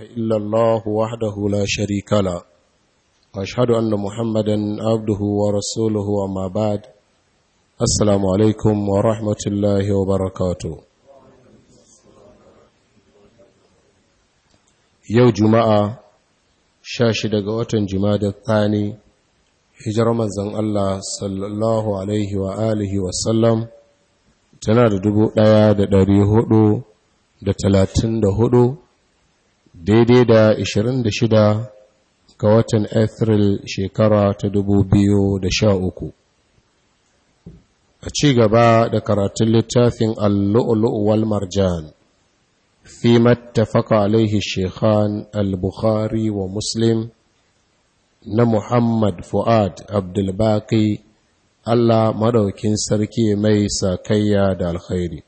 Fa'aillallah wadda hula shari'ah kana. Wa'asahadu anana Muhammadan abudu wa rasuluhu amma ba'ad as-salamualeykum wa rahmatulahiyya wa barakwato. Yau juma'a sha shi daga watan Jumaatir Tani, hijra manzan Allah Sallahu alaihi wa'alihi wa sallam, tana da dubu ɗaya da dari hudu da talatin da hudu. daidai da 26 ga watan Afril shekara ta 2013 a ci gaba da karatun littafin al wal marjan fi mattafaka alaihi shekhan al-bukhari wa muslim na muhammad fu'ad abdulbaki allah madaukin sarki mai sakayya da alkhairi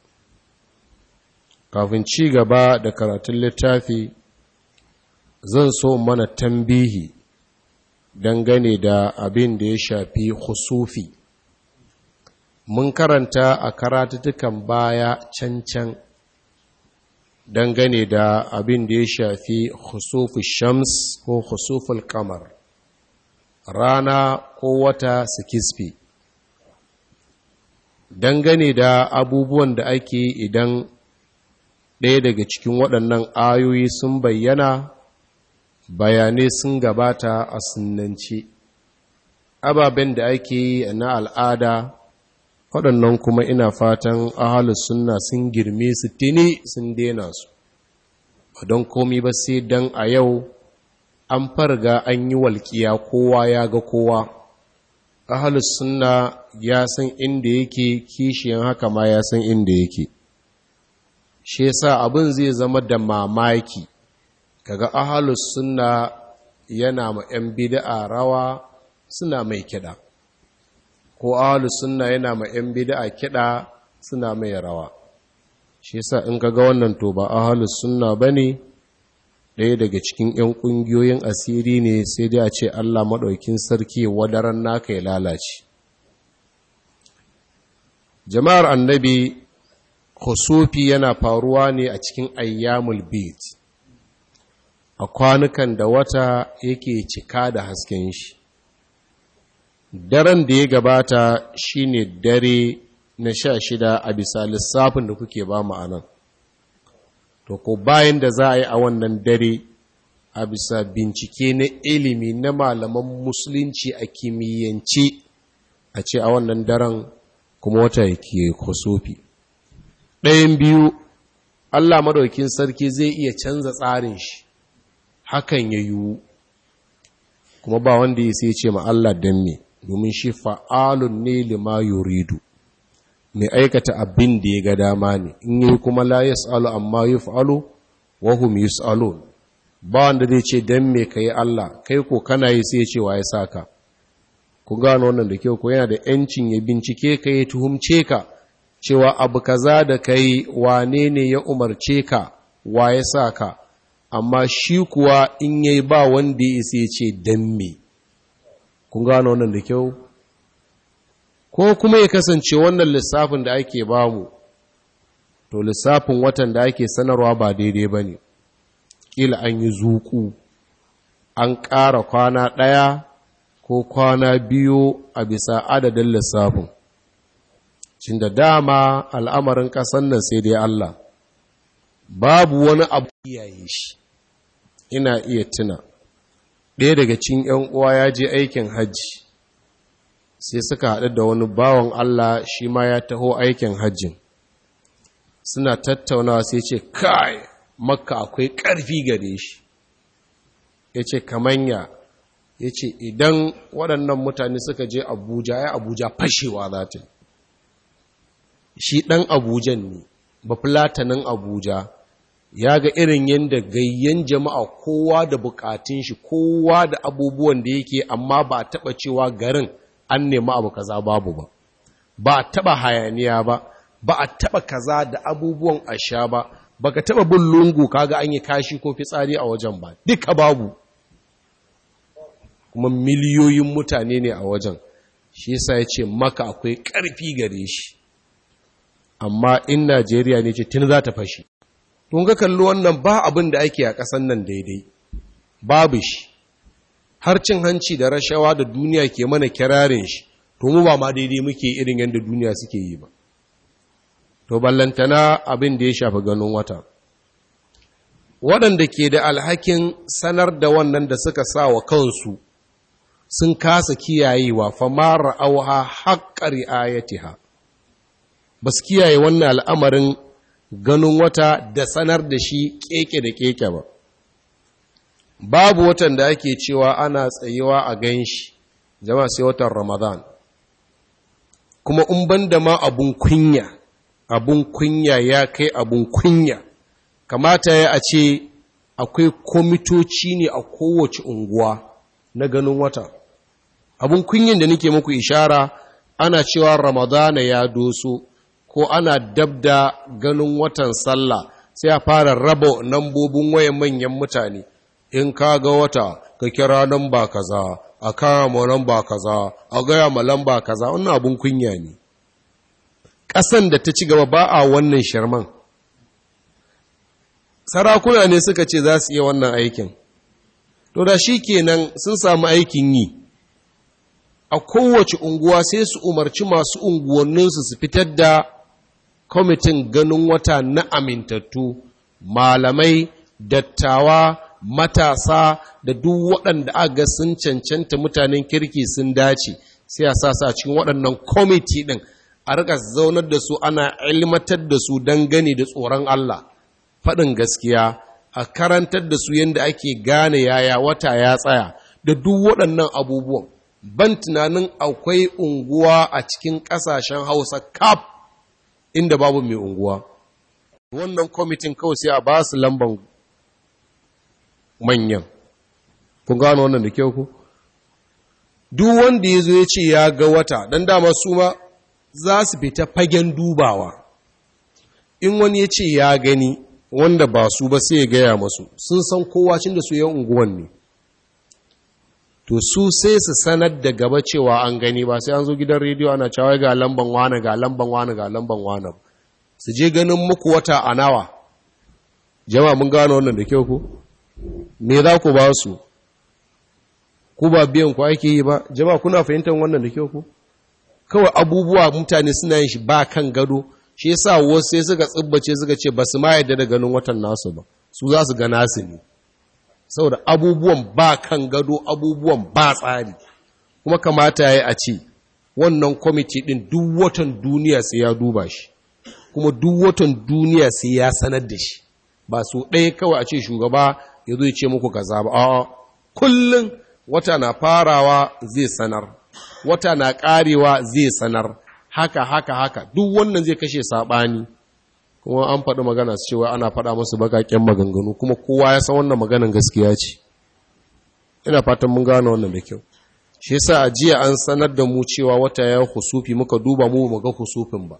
kafin ci gaba da karatun littafi zan so mana tambihi dangane da abin da ya shafi khusufi mun karanta a karatutukan baya cancan dangane da abin da ya shafi husufi shams ko husuful kamar rana ko wata su kisfi dangane da abubuwan da ake idan ɗaya daga cikin waɗannan ayoyi sun bayyana bayanai sun gabata a sunanci ababen da ake yi na al'ada waɗannan kuma ina fatan ahalus sunna sun girme su tini sun daina su ba don komi ba sai don a yau an farga an yi walƙiya kowa ya ga kowa ahalus sunna ya san inda yake kishiyan haka ma ya san inda yake shi sa abin zai zama da mamaki kaga ahalus sunna yana ma 'yan bida'a rawa suna mai kiɗa ko ahalus sunna yana ma 'yan bida'a kiɗa suna mai rawa shi yasa in kaga wannan to ba ahalus sunna bane ɗaya daga cikin 'yan ƙungiyoyin asiri ne sai dai a ce Allah maɗaukin sarki wadaran naka ya lalace jama'ar annabi khusufi yana faruwa ne a cikin ayyamul a kwanukan da wata yake cika da hasken shi daren da ya gabata shi ne dare na sha shida a bisa lissafin da kuke ba ma'anan to ko bayan da za a yi a wannan dare a bisa bincike na ilimi na malaman musulunci a kimiyyance a ce a wannan daren kuma wata yake kusofi ɗayan biyu allah madaukin sarki zai iya canza tsarin shi hakan ya yiwu kuma ba wanda ya sai ce ma Allah dan me domin shi fa'alun ne lima yuridu mai aikata abin da ya ga dama ne in yi kuma la yas'alu amma yuf'alu wa alo yus'alun ba wanda zai ce dan me ka yi Allah kai ko kana yi sai ce wa ya sa ka ku gano wannan da kyau ko yana da yancin ya bincike ka yi tuhumce ka cewa abu kaza da kai wane ne ya umarce ka wa ya sa ka. amma shi kuwa in yayi ba wanda ya isa ya ce dan me kun gano wannan da kyau ko kuma ya kasance wannan lissafin da ake ba mu to lissafin watan da ake sanarwa ba daidai ba ne ƙila an yi zuku an ƙara kwana ɗaya ko kwana biyu a bisa adadin lissafin cin da dama al'amarin ƙasan nan sai dai Allah babu wani abu yayin shi ina iya tuna ɗaya daga cin ‘yan uwa ya je aikin hajji sai suka haɗu da wani bawan Allah shi ma ya taho aikin hajjin suna tattaunawa sai ce kai makka akwai ƙarfi gare shi ya ce kamanya ya ce idan waɗannan mutane suka je abuja ya abuja fashewa za ta shi ɗan abujan ne ba fulatanin abuja ya ga irin yadda gayyen jama'a kowa da bukatun shi kowa da abubuwan da yake amma ba a taba cewa garin an nemi abu kaza babu ba ba a taba hayaniya ba ba a taba kaza da abubuwan asha ba baka taba bin lungu kaga an yi kashi ko fitsari a wajen ba duka babu kuma miliyoyin mutane ne a wajen shi yasa ya ce maka akwai karfi gare shi amma in najeriya ne ce tun za ta fashe tunga kallo kalli wannan ba abin da ake a ƙasan nan daidai babu shi har cin hanci da rashawa da duniya ke mana kirarin shi to mu ba ma daidai muke irin yadda duniya suke yi ba to ballantana abin da ya shafi ganin wata waɗanda ke da alhakin sanar da wannan da suka sa wa kansu sun kasa kiyayewa famara auha haƙƙa ri'ayatiha ba su kiyaye wannan al'amarin ganin wata da sanar da shi keke da keke ba babu watan da ake cewa ana tsayewa a gan shi jama sai watan ramadan kuma in banda ma abun kunya abun kunya ya kai abun kunya kamata ya a ce akwai komitoci ne a kowace unguwa na ganin wata abun kunyan da nake muku ishara ana cewa ramadana ya doso ko ana dabda ganin watan sallah sai a fara raba nambobin wayan manyan mutane in ka ga wata ka kira lamba kaza a kama lamba kaza a gaya ma lamba kaza wannan abun kunya ne ƙasan da ta ci gaba ba a wannan sharman sarakuna ne suka ce za su iya wannan aikin to da shi kenan sun samu aikin yi a kowace unguwa sai su umarci masu unguwanninsu su fitar da kwamitin ganin wata na amintattu malamai dattawa matasa da duk waɗanda ga sun cancanta mutanen kirki sun dace sai a sa cikin waɗannan kwamiti ɗin a riƙa zaunar da su ana ilmatar da su don gani da tsoron Allah faɗin gaskiya a karantar da su yadda ake gane yaya wata ya tsaya da duk waɗannan abubuwan ban tunanin akwai unguwa a cikin ƙasashen hausa kaf inda babu mai unguwa wannan kwamitin kawai sai a ba su lamban manyan kun gano wannan da kyau ku duk wanda ya zo ya ce ya ga wata don dama su ma za su fita fagen dubawa in wani ya ce ya gani wanda ba su ba sai ya gaya masu sun san kowa da su yi unguwan ne to su sai su sanar da gaba cewa an gani ba sai an zo gidan rediyo ana cewa ga lamban wane ga lamban wane ga lamban wane su je ganin muku wata a nawa jama'a mun gano wannan da kyau ku me za ku ba su ku ba biyan ku ake yi ba jama'a kuna fahimtar wannan da kyau ku kawai abubuwa mutane suna yin shi ba kan gado shi yasa wasu sai suka tsibbace suka ce ba su ma yadda da ganin watan nasu ba su za su ga nasu ne saboda abubuwan ba kan gado abubuwan ba tsari kuma kamata ya a ce wannan kwamiti ɗin duk watan duniya sai ya duba shi kuma duk watan duniya sai ya sanar da shi ba su ɗaya kawai a ce shugaba ya zo ce muku ka ba a kullum wata na farawa zai sanar wata na ƙarewa zai sanar haka haka haka duk wannan zai kashe saɓani kuma an faɗi magana su cewa ana faɗa masu baƙaƙen maganganu kuma kowa ya san wannan maganan gaskiya ce ina fatan mun gane wannan da kyau shi yasa a jiya an sanar da mu cewa wata ya husufi muka duba mu mu husufin ba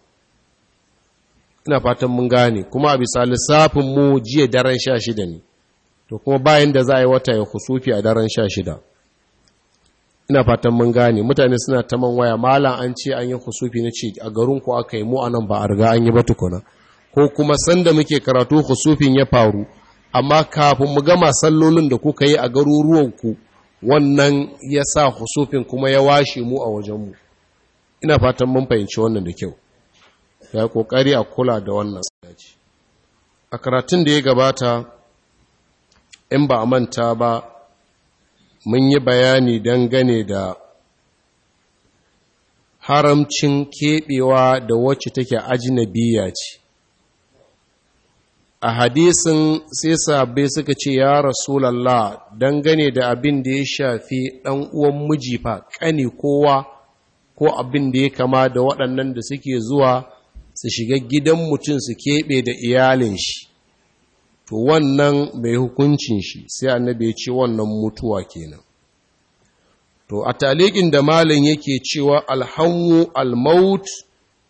ina fatan mun gane kuma a bisa lissafin mu jiya daren sha shida ne to kuma bayan da za a yi wata ya husufi a daren sha shida ina fatan mun gane mutane suna ta man waya malam an ce an yi husufi na ce a garin ku aka yi mu nan ba a riga an yi ba tukuna ko kuma sanda muke karatu khusufin ya faru amma kafin mu gama sallolin da kuka yi a garuruwanku wannan ya sa husufin kuma ya washe mu a wajenmu ina fatan mun fahimci wannan da kyau ya kokari a kula da wannan sadaci a karatun da ya gabata in ba a manta ba mun yi bayani dangane da haramcin keɓewa da wacce take ajnabiya ce a hadisin sai sahabbai suka ce ya rasulallah dangane da abin da ya shafi ɗan uwan miji fa ƙani kowa ko abin da ya kama da waɗannan da suke zuwa su shiga gidan mutum su keɓe da iyalin shi to wannan mai hukuncin shi sai annabi ya ce wannan mutuwa kenan to a talikin da malin yake cewa alhanwu almaut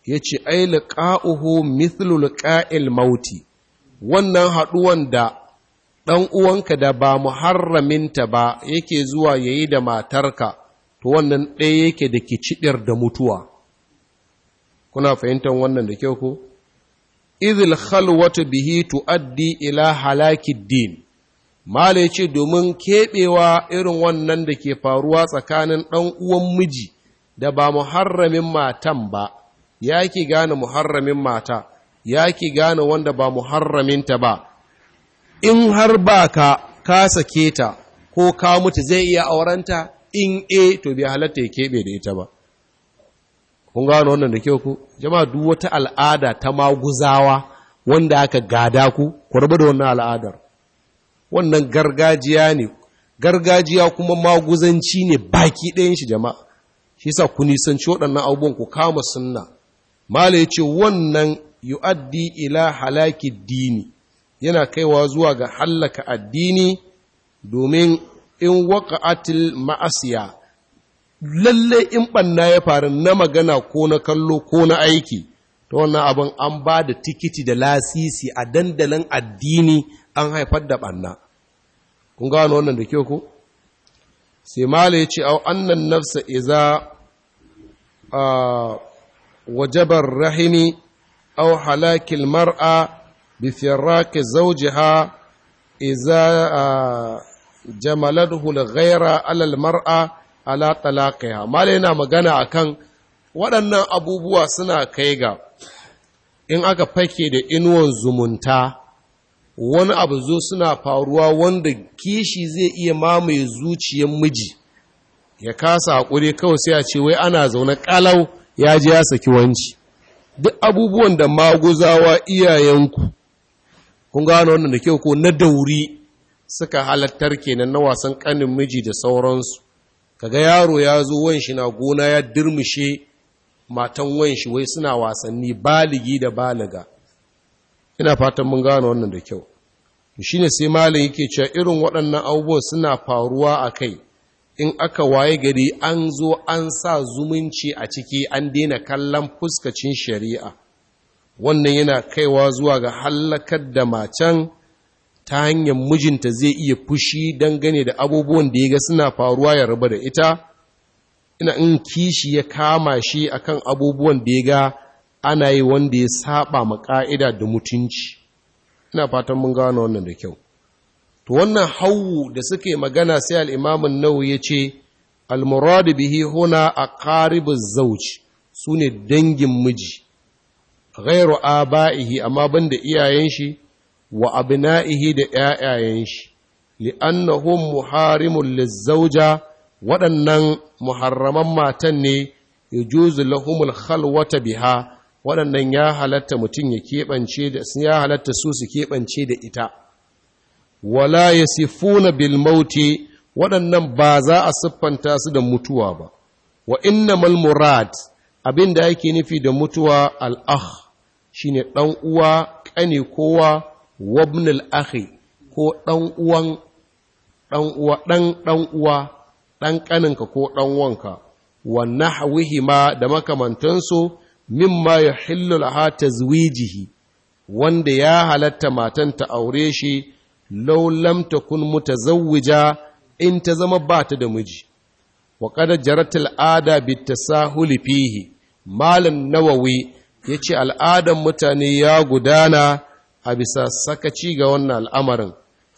ya ce ai liqa'uhu mithlul ƙa'il mauti wannan haɗuwan da ɗan uwanka da ba muharraminta ba yake zuwa ya yi da matarka to wannan ɗaya yake da kiciɗir da mutuwa kuna fahimtar wannan da kyau ko Izil khalwatu bihi tuaddi ila halakid din mala ce domin keɓewa irin wannan da ke faruwa tsakanin ɗan uwan miji da ba muharramin matan ba ya ki gane muharramin mata ya ki gane wanda ba mu muharraminta ba in har ba ka ka sake ta ko ka mutu zai iya aurenta in e to bai halatta ya keɓe da ita ba kun gano wannan da kyau ku jama'a duk wata al'ada ta maguzawa wanda aka gada ku ku rabu da wannan al'adar wannan gargajiya ne gargajiya kuma maguzanci ne baki ɗayan shi jama'a shi sa ku nisanci waɗannan abubuwan ku kama sunna mala ya ce wannan yu'addi ila halaki dini yana kaiwa zuwa ga hallaka addini domin in waqa'atil ma'asiya lalle in banna ya faru na magana ko na kallo ko na aiki ta wannan abin an ba da tikiti da lasisi a dandalin addini an haifar da banna kun gano wannan da kyau ko sai mala ya ce au annan nafsa iza wajabar rahimi aw halakil mar'a bi firaqi zawjiha idza jamalathu mara ala talaqiha malai na magana akan waɗannan abubuwa suna kai ga in aka fake da inuwan zumunta wani abu zo suna faruwa wanda kishi zai iya mamaye zuciyar miji ya kasa haƙuri kawai sai a ce wai ana zaune ƙalau ya ji ya saki wanci duk abubuwan da maguzawa iyayenku kun gano wannan da kyau ko na dauri suka halattar kenan na wasan kanin miji da sauransu kaga yaro ya zo wanshi na gona ya dirmushe matan wanshi wai suna wasanni baligi da baliga ina fatan mun gano wannan da kyau shi ne sai malin yake cewa irin waɗannan abubuwan suna faruwa a kai in aka waye gari an zo an sa zumunci a ciki an daina kallon fuskacin shari'a wannan yana kaiwa zuwa ga hallakar da macen ta hanyar mijinta zai iya fushi dangane da abubuwan da ya ga suna faruwa ya rabu da ita ina in kishi ya kama shi akan abubuwan da ya ga ana yi wanda ya saba ma ka'ida da mutunci ina fatan mun gano wannan da kyau to wannan hawu da suke magana sai al'imamin nau ya ce almuradu bihi huna a karibin zauci su ne dangin miji gairu A aba'ihi amma da iyayen shi wa abu na’ihi da ‘ya'yayen shi li’annahun muharimun lizzauja waɗannan muharraman matan ne ya juzu lahumul khalwata biha waɗannan ya halatta mutum ya keɓance ya halatta su su keɓance da ita wala ya sifuna bil mauti waɗannan ba za a siffanta su da mutuwa ba wa innamal murad abin da yake nufi da mutuwa al-akh shine dan uwa kane kowa wabnul akhi ko dan uwan dan uwa dan dan uwa dan kaninka ko dan wanka wa nahwihima da makamantansu mimma yuhillu laha tazwijihi wanda ya halatta matan ta aure shi law lam takun mutazawwija in ta zama bata ta da miji wa qad jarat al'ada bitasahuli fihi malam nawawi yace al'adan mutane ya gudana a bisa sakaci ga wannan al'amarin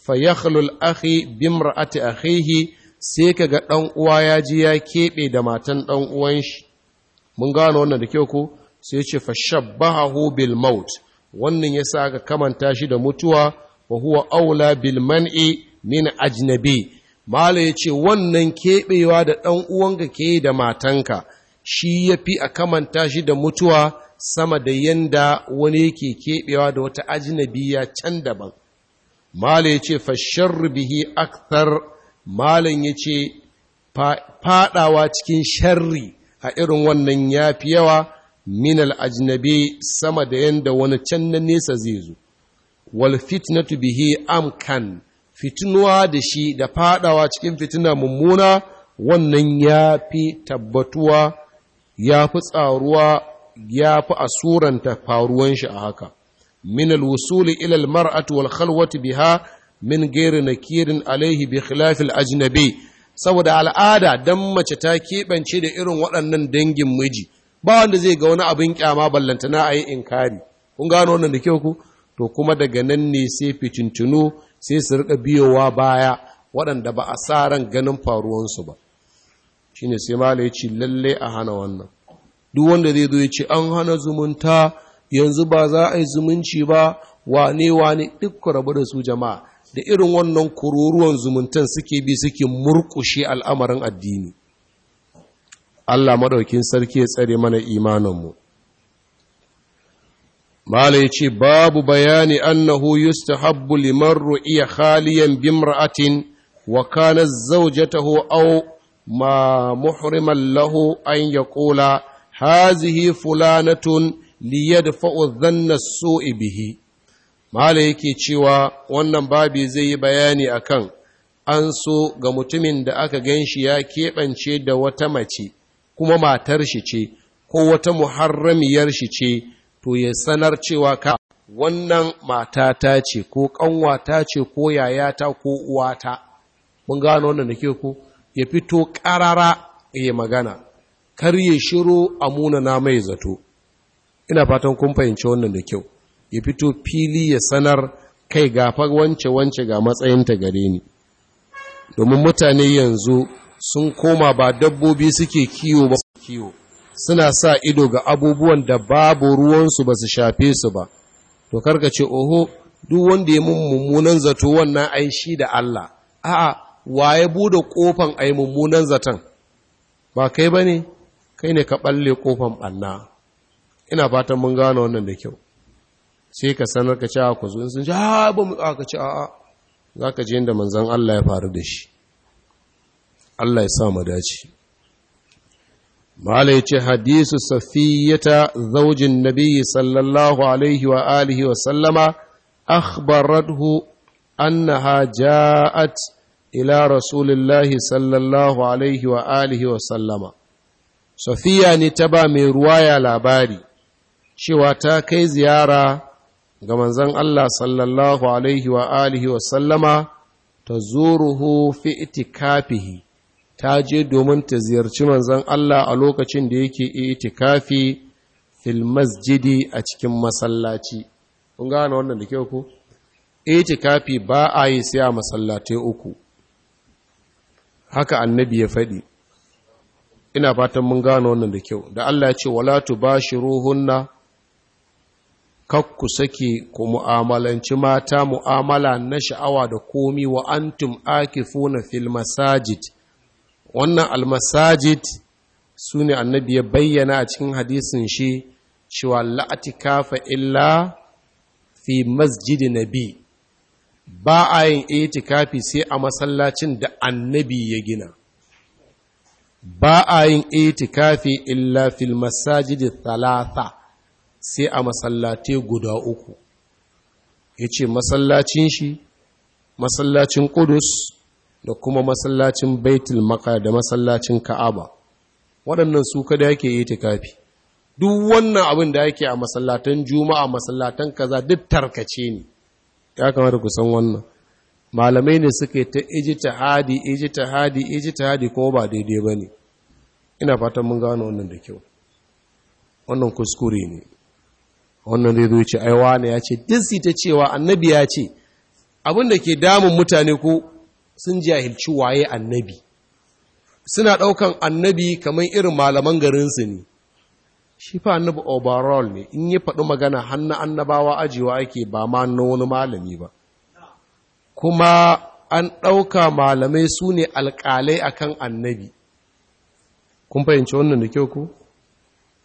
fa yakhlu al-akhi bimra'ati akhihi sai kaga ɗan uwa ya ji ya keɓe da matan ɗan uwan shi mun gano wannan da kyau ko sai ce fa shabbahu bil maut wannan yasa aka kamanta shi da mutuwa wa aula bil man'i min ajnabi mala yace wannan keɓewa da ɗan uwanka ke da matanka shi yafi a kamanta shi da mutuwa sama da yanda wani yake keɓewa da wata ajnabiya can daban mala yace fashar bihi akthar malan yace faɗawa cikin sharri a irin wannan yafi yawa min al ajnabi sama da yanda wani can na nesa zai zo wal fitnatu bihi amkan fitinuwa da shi da fadawa cikin fitina mummuna wannan ya fi tabbatuwa ya fi tsaruwa ya fi asuranta faruwan shi a haka min wusuli ila almar'ati wal khalwati biha min ghairi nakirin alaihi bi khilaf ajnabi saboda al'ada dan mace ta keɓance da irin waɗannan dangin miji ba wanda zai ga wani abin kyama ballantana a yi inkari kun gano wannan da kyau ku to kuma daga nan ne sai fitintunu sai su rika biyowa baya waɗanda ba a sa ganin faruwansu ba shine sai mala ya ce lalle a hana wannan duk wanda zai zo ya ce an hana zumunta yanzu ba za a yi zumunci ba wane wane duk rabu da su jama'a da irin wannan kururuwan zumuntan suke bi suke murkushe al'amarin addini Allah madaukin sarki ya tsare mana imaninmu Mala ya ce, Babu bayani annahu yustahabbu liman ru'iya khaliyan bimra'atin wa kana zaujatahu aw ma muhriman lahu an yaqula hazihi fulanatun liyadfa'u dhanna su'i bihi. Mala yake cewa wannan babi zai yi bayani akan an so ga mutumin da aka gan shi ya keɓance da wata mace kuma matar shi ce ko wata muharramiyar shi ce to ya sanar cewa ka wannan mata ta ce ko ƙanwata ce ko yayata ko uwata mun gano wannan da ku ya fito ƙarara ya magana kar ya shiro a Muna na mai zato ina fatan kun fahimci wannan da kyau ya fito fili ya sanar kai gafa wance wance ga matsayinta gare ni domin mutane yanzu sun koma ba dabbobi suke kiwo ba kiwo suna sa ido ga abubuwan da babu ruwansu ba su shafe su ba to karka ce oho duk wanda ya mun mummunan zato wannan ai shi da Allah a'a waye bude kofan ai mummunan zaton ba kai bane kai ne ka balle kofan banna ina fatan mun gano wannan da kyau sai ka sanar ka cewa a ku zo sun ce ba ka je inda manzon Allah ya faru da shi Allah ya sa mu dace mala ya ce hadisu safiyyata zaujin nabi sallallahu alaihi wa alihi wa sallama akhbarathu annaha ja'at ila rasulillahi sallallahu alaihi wa alihi wa sallama safiya ne ta ba mai ruwaya labari cewa ta kai ziyara ga manzan Allah sallallahu alaihi wa alihi wa sallama ta zuruhu fi itikafihi ta je domin ta ziyarci manzon Allah a lokacin da yake itikafi fil masjidi a cikin masallaci kun gane wannan da kyau ko itikafi ba a yi sai a masallatai uku haka annabi ya faɗi ina fatan mun gane wannan da kyau da Allah ya ce wala tubashiruhunna kakku sake ku mu'amalanci mata mu'amala na sha'awa da komi wa antum akifuna fil masajid wannan almasajid su ne annabi ya bayyana a cikin hadisin shi cewa la'atikafa illa fi masjidi nabi ba a yin itikafi sai a masallacin da annabi ya gina ba a yin itikafi illa fil masajidi Talata sai a masallace guda uku ya ce masallacin shi masallacin kudus da kuma masallacin baitul maka da masallacin ka'aba waɗannan su kada yake yi tikafi duk wannan abin da yake a masallatan juma'a masallatan kaza duk tarkace ne ya kamata ku san wannan malamai ne suke ta ijtihadi ijtihadi ijtihadi kuma ba daidai bane ina fatan mun gano wannan da kyau wannan kuskure ne wannan zai zo ce ai wani ya ce duk ta cewa annabi ya ce abin da ke damun mutane ko sun jahilci waye annabi suna ɗaukan annabi kamar irin malaman garinsu ne shi fa annabi overall ne in yi faɗi magana hannun annabawa ajiyewa ake ba ma wani malami ba kuma an ɗauka malamai su ne alƙalai a kan annabi kun fahimci wannan da kyau ku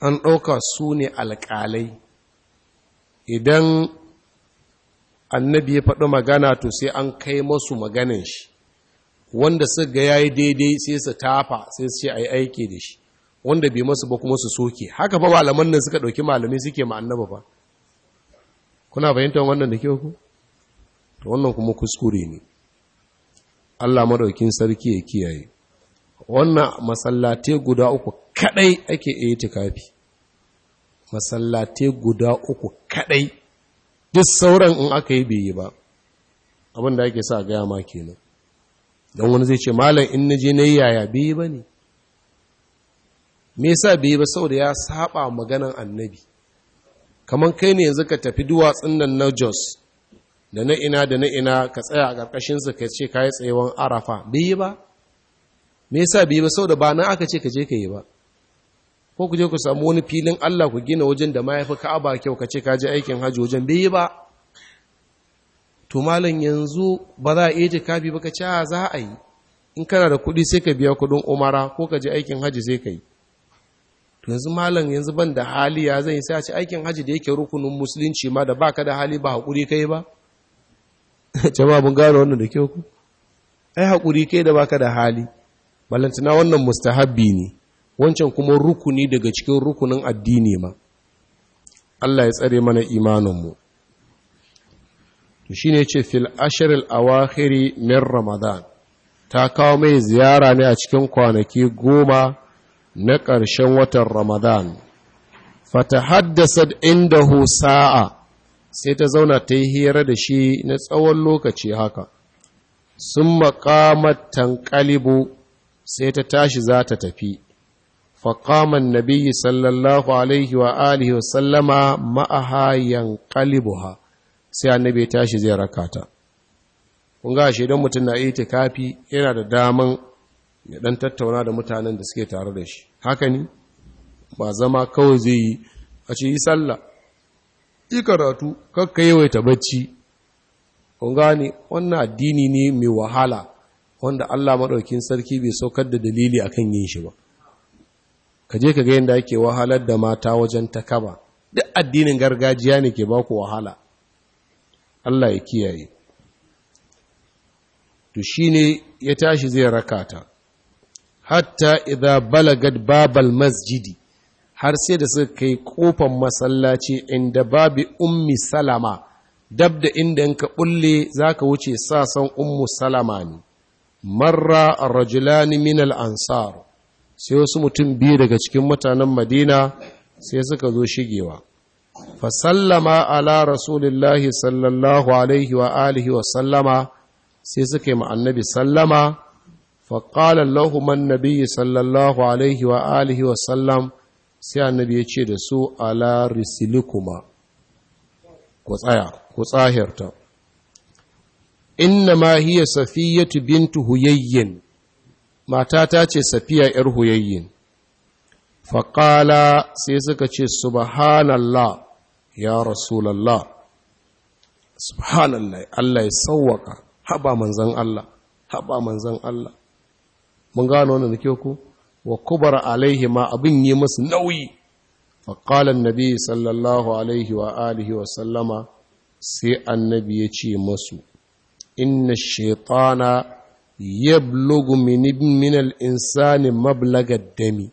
an ɗauka su ne alƙalai idan annabi ya faɗi magana to sai an kai masu maganin shi wanda suka ga yi daidai sai su tafa sai su ce yi aiki da shi wanda bai masu ba kuma su soke haka fa malaman nan suka ɗauki malamai suke ma ba kuna fahimtar wannan da kyau ku Ta wannan kuma kuskure ne Allah maɗaukin sarki ya kiyaye wannan masallatai guda uku kadai ake kafi, masallatai guda uku kadai duk sauran in aka yi bai yi ba abinda ake sa gaya ma kenan don wani zai ce malam in na je na yi yaya bai ba ne me yasa bai ba saboda ya saba maganan annabi kamar kai ne yanzu ka tafi duwatsun nan na jos da na ina da na ina ka tsaya a ƙarƙashinsa ka ce ka yi tsayewan arafa bai ba me yasa bai yi ba saboda ba na aka ce ka je ka yi ba ko ku je ku samu wani filin Allah ku gina wajen da ma yafi Ka'aba kyau ka ce ka je aikin hajji wajen bai ba to malam yanzu ba za a iya jikafi ba ka ci a za a yi in kana da kuɗi sai ka biya kuɗin umara ko ka ji aikin hajji sai ka yi to yanzu malam yanzu ban da hali ya zan yi sai a ci aikin hajji da yake rukunin musulunci ma da baka da hali ba haƙuri kai ba jama'a mun gano wannan da kyau ku ai haƙuri kai da baka da hali ballantana wannan mustahabbi ne wancan kuma rukuni daga cikin rukunin addini ma Allah ya tsare mana imaninmu shi ne ce fil ashiril awakhiri min ramadan ta kawo mai ziyara ne a cikin kwanaki goma na ƙarshen watan ramadan fata haddasa inda sa'a sai ta zauna ta yi hira da shi na tsawon lokaci haka sun maƙamar tankalibu sai ta tashi za ta tafi faƙaman nabiyyi sallallahu alaihi wa alihi wasallama ma'aha yankalibuha sai annabi tashi zai rakata. ta kun ga shi idan mutum na itikafi yana da daman ya dan tattauna da mutanen da suke tare da shi haka ne ba zama kawai zai yi a ce yi sallah yi karatu kakka yawaita bacci kun gane wannan addini ne mai wahala wanda Allah maɗaukin sarki bai saukar da dalili akan yin shi ba ka je ka ga yadda ake wahalar da mata wajen takaba duk addinin gargajiya ne ke baku wahala Allah ya kiyaye to shi ne ya tashi zai rakata hatta idan balagad babal masjidi har sai da suka kai kofan masallaci inda babi ummi salama dab da inda in ka bulle ka wuce sasan ummu salama ne marra rajulani min al’ansar, ansar sai wasu mutum biyu daga cikin mutanen madina sai suka zo shigewa fasallama ala rasulillahi sallallahu alaihi wa alihi wa sallama sai suka yi annabi sallama faƙalar lahuman nabi sallallahu alaihi wa alihi wa sallam sai annabi ya ce da su ala risilikuma ku tsaya ku tsahirta inna ma hiya safiyatu bintu huyayyin Matata ce safiya ‘yar huyayyin faƙala sai suka ce subhanallah ya rasulallah subhanallah Allah ya sauwaka haba manzan Allah haba manzan Allah mun gano wannan da ku wa kubara alaihi ma abin yi musu nauyi qala annabi sallallahu alaihi wa alihi wa sallama sai annabi ya ce masu inna shaitana yablugu min al-insani mablaga dami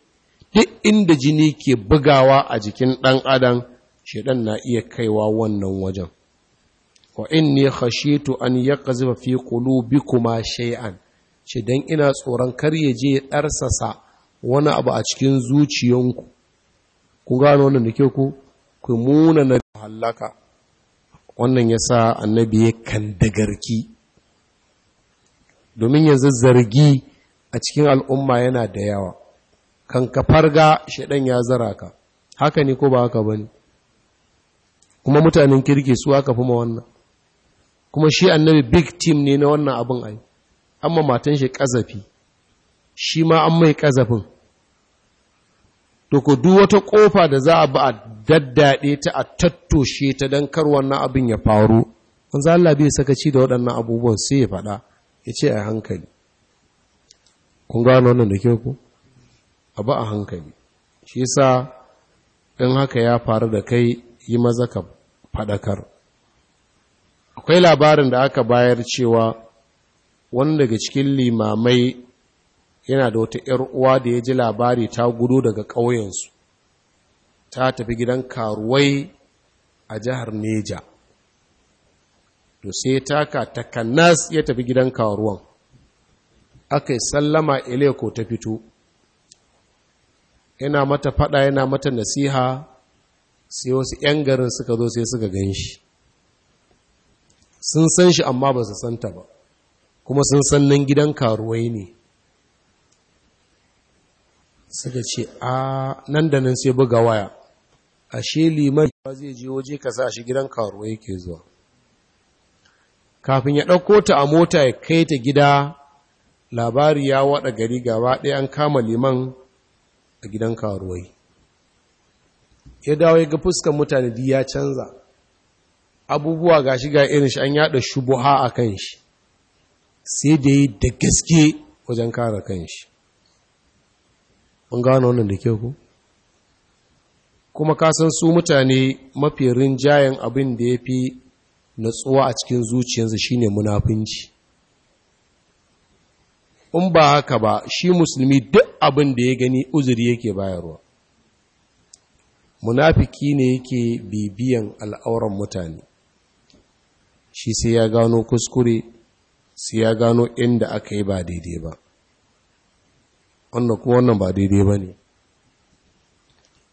duk inda jini ke bugawa a jikin ɗan adam shedan na iya kaiwa wannan wajen wa inni khashitu an yaqzifa fi qulubikuma shay'an ce dan ina tsoron kar ya je ya darsasa wani abu a cikin zuciyanku ku gano wannan da ke ku ku muna na halaka wannan yasa annabi ya kandagarki domin yanzu zargi a cikin al'umma yana da yawa kan kafarga farga shedan ya zara ka haka ne ko ba haka bane kuma mutanen kirki su aka fi wannan kuma shi annabi big team ne na wannan abin ai amma matan shi kazafi shi ma an mai kazafin to ko duk wata kofa da za a ba a daddade ta a tattoshe ta dan kar wannan abin ya faru manzo ya saka ci da waɗannan abubuwan sai ya faɗa ya ce a hankali kun gano wannan da ke ku a ba a hankali shi yasa in haka ya faru da kai yi maza ka faɗakar akwai labarin da aka bayar cewa wani daga cikin limamai yana da wata 'yar uwa da ya ji labari ta gudu daga ƙauyensu ta tafi gidan karuwai a jihar neja to sai taka takannas ya tafi gidan karuwan aka yi sallama ko ta fito yana mata faɗa, yana mata nasiha sai wasu 'yan garin suka zo sai suka gan shi sun san shi amma ba su santa ba kuma sun san nan gidan karuwai ne suka ce a nan da nan sai buga waya ashe liman ba zai je waje ka sa shi gidan karuwai ke zuwa kafin ya ɗauko ta a mota ya kai ta gida labari ya waɗa gari gaba ɗaya an kama liman a gidan karuwai ya dawo ya ga fuskan mutane da ya canza abubuwa ga shi ga irin shi an yada shubuha a kan shi sai da yi da gaske wajen kare kan shi an gano wannan da ke ku kuma kasan su mutane mafi rinjayen abin da ya fi natsuwa a cikin zuciyarsa shine munafinci in ba haka ba shi musulmi duk abin da ya gani uzuri yake bayarwa munafiki ne yake bibiyan al'auran mutane shi sai ya gano kuskure sai ya gano inda aka yi ba daidai ba wannan kuma wannan ba daidai ba ne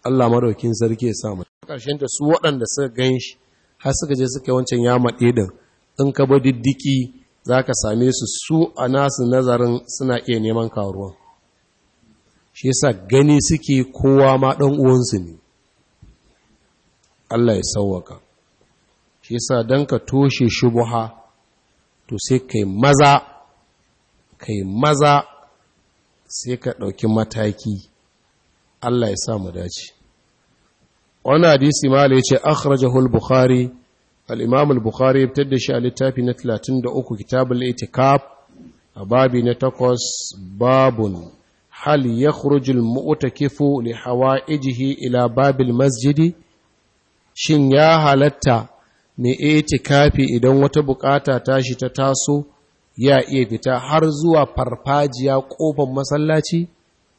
Allah maɗaukin sarki ya samu ƙarshen da su waɗanda suka gan shi har suka je suka wancan ya maɗe ɗin in ka ba diddiki za ka same su su a nasu nazarin suna iya neman karuwan shi yasa gani suke kowa ma ɗan uwansu ne Allah ya sauwaka shi sa don ka toshe shubuha to sai kai maza kai maza sai ka ɗauki mataki Allah ya sa mu dace wani hadisi ma ya ce akhrajahu hul bukhari al al-bukhari ya fitar da shi a littafi na 33 kitabul itikaf a babi na takwas babun hal yakhruju al-mu'takifu li hawaijihi ila babil masjidi shin ya halatta mai itikafi idan wata bukata tashi ta taso ya iya fita har zuwa farfajiya kofar masallaci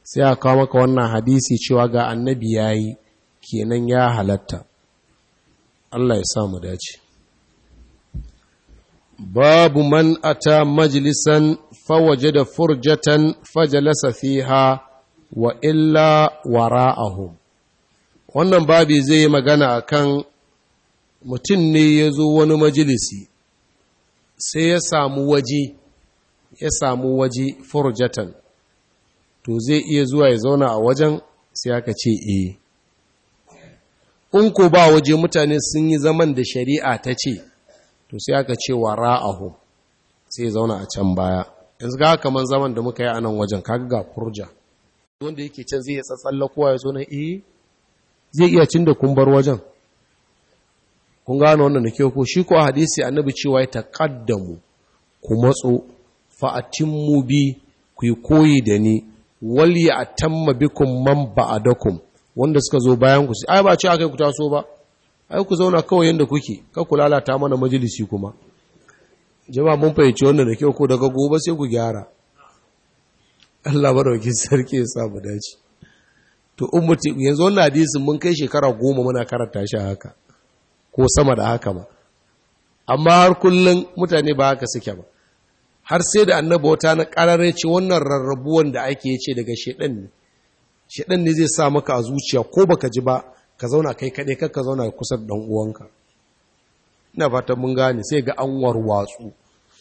sai a kawo maka wannan hadisi cewa ga annabi yayi kenan ya halatta Allah ya sa mu dace babu man ata majlisan da furjatan fajalasa fiha wa illa wara'ahum wannan babi zai yi magana a kan mutum ne ya zo wani majalisi sai ya samu waje ya samu waje furjatan to zai iya zuwa ya zauna a wajen sai aka ce eh in ko ba waje mutane sun yi zaman da shari'a ta ce to sai aka ce wa ra'ahu sai zauna a can baya yanzu ga kaman zaman da muka yi a nan wajen kaga ga furja wanda yake can zai ya tsatsallakowa ya zo na eh zai iya cin da kumbar wajen kun gano wannan da kyau ko shi ko hadisi annabi cewa ya taqaddamu ku matso fa atimmu bi ku yi koyi da ni wal ya atamma bikum man ba'adakum wanda suka zo bayan ku ai ba ce akai ku taso ba ai ku zauna kawai yanda kuke ka ku lalata mana majalisi kuma jama'a mun fahimci wannan da kyau ko daga gobe sai ku gyara Allah madaukakin sarki ya sa mu dace to in mutum yanzu wannan hadisin mun kai shekara goma muna karanta shi haka ko sama da haka ba amma har kullum mutane ba haka suke ba har sai da annaba wata na ƙarare ce wannan rarrabuwan da ake ce daga shedan ne shedan ne zai sa maka a zuciya ko baka ji ba ka zauna kai kaɗai kar ka zauna kusa da uwanka ina fatan mun gane sai ga anwar watsu.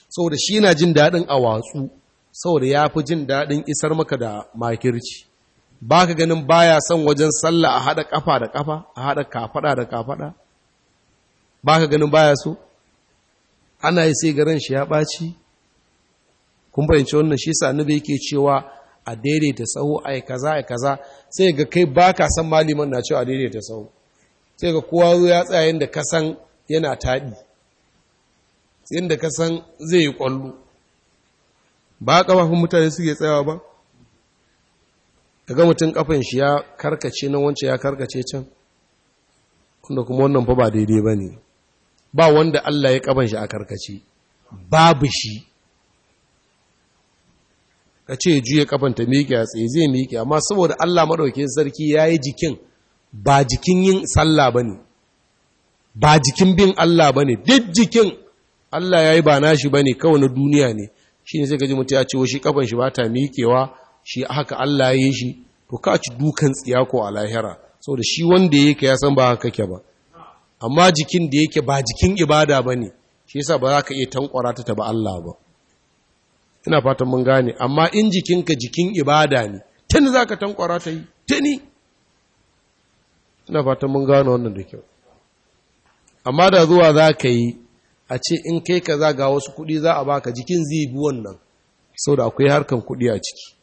saboda shi na jin daɗin a watsu saboda ya fi jin daɗin isar maka da makirci ba ka ganin baya son wajen sallah a haɗa ƙafa da ƙafa a haɗa kafaɗa da kafaɗa ba ka ganin baya so ana yi sai garin shi ya ɓaci kun fahimci wannan shi sa annabi yake cewa a daidaita tsawo yi kaza yi kaza sai ga kai ba ka san maliman na cewa a daidaita tsawo sai ga kowa ya tsaya yadda ka san yana taɗi yadda ka san zai yi ƙwallo ba ƙafafun mutane suke tsayawa ba ga mutum kafin shi ya karkace nan wance ya karkace can wanda kuma wannan fa ba daidai ba ne ba wanda Allah ya kafin shi a karkace babu shi ka ce juya kafin ta miƙe a tsaye zai miƙe amma saboda Allah maɗauke sarki ya yi jikin ba jikin yin sallah ba ne ba jikin bin Allah ba ne duk jikin Allah ya yi ba nashi ba ne kawai na duniya ne shi ne sai ka ji mutu ya ce wa shi kafin shi ba ta miƙewa shi haka Allah ya yi shi to ka ci dukan tsiya ko a lahira da shi wanda ya yi ya san ba haka kake ba amma jikin da yake ba jikin ibada ba ne, shi yasa ba za ka iya tankwara ta taba Allah ba ina fatan mun gane amma in jikinka jikin ibada ne tani za ka tankwara ta yi tani ina fatan mun gane wannan da kyau amma da zuwa za ka yi a ce in kai ka za ga wasu kuɗi za a baka jikin zai bi wannan sau da akwai harkan kuɗi a ciki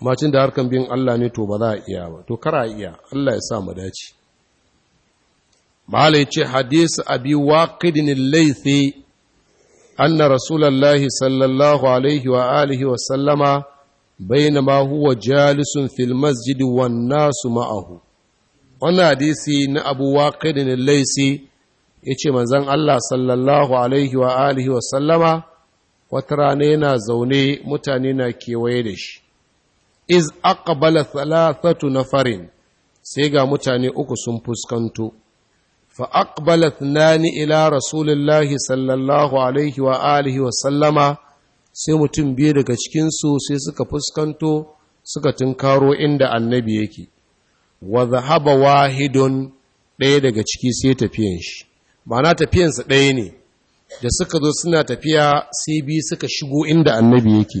macin da harkan bin Allah ne to ba za a iya ba to kara iya Allah ya sa mu dace malai ce hadis abi waqidin al-laythi anna rasulullahi sallallahu alaihi wa alihi wa sallama bainama huwa jalisun fil masjid wan nasu ma'ahu wannan hadisi na abu waqidin al-laythi yace manzon Allah sallallahu alaihi wa alihi wa sallama wata rana yana zaune mutane na kewaye da shi iz aqbala thalathatu nafarin sai ga mutane uku sun fuskanto fa aqbala thnani ila rasulillahi sallallahu alaihi wa alihi wa sallama sai mutum biyu daga su sai suka fuskanto suka tunkaro inda annabi yake wa zahaba wahidun ɗaya daga ciki sai tafiyan shi ma'ana tafiyansa ɗaya ne da suka zo suna tafiya sai bi suka shigo inda annabi yake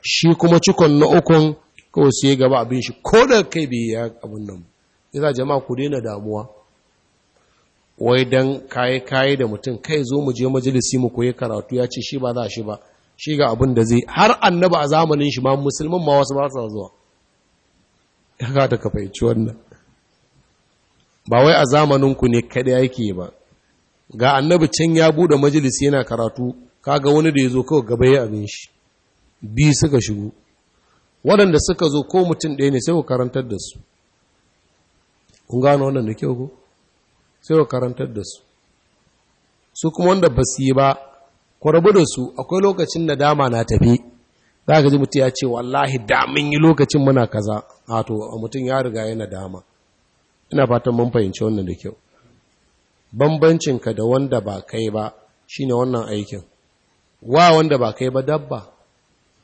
shi kuma cikon na ukun kawai sai ya gaba abin shi ko da kai bai ya abin nan yasa jama'a ku daina damuwa wai don kaye kaye da mutum kai zo mu je majalisi mu koyi karatu ya ce shi ba za shi ba shi ga abin da zai har annaba a zamanin shi ma musulman ma wasu ba zuwa ya ga ta kafaici wannan ba wai a zamanin ku ne kada yake ba ga annabi can ya bude majalisi yana karatu kaga wani da ya zo kawai gaba ya abin shi bi suka shigo waɗanda suka zo ko mutum ɗaya ne sai ku karantar da su kun gano wannan da kyau ku sai ku karantar da su su kuma wanda ba su yi ba ku da su akwai lokacin da dama na tafi za ka ji mutum ya ce wallahi damin yi lokacin muna kaza a to mutum ya riga yana dama ina fatan mun fahimci wannan da kyau bambancinka da wanda ba kai ba shine wannan aikin wa wanda ba kai ba dabba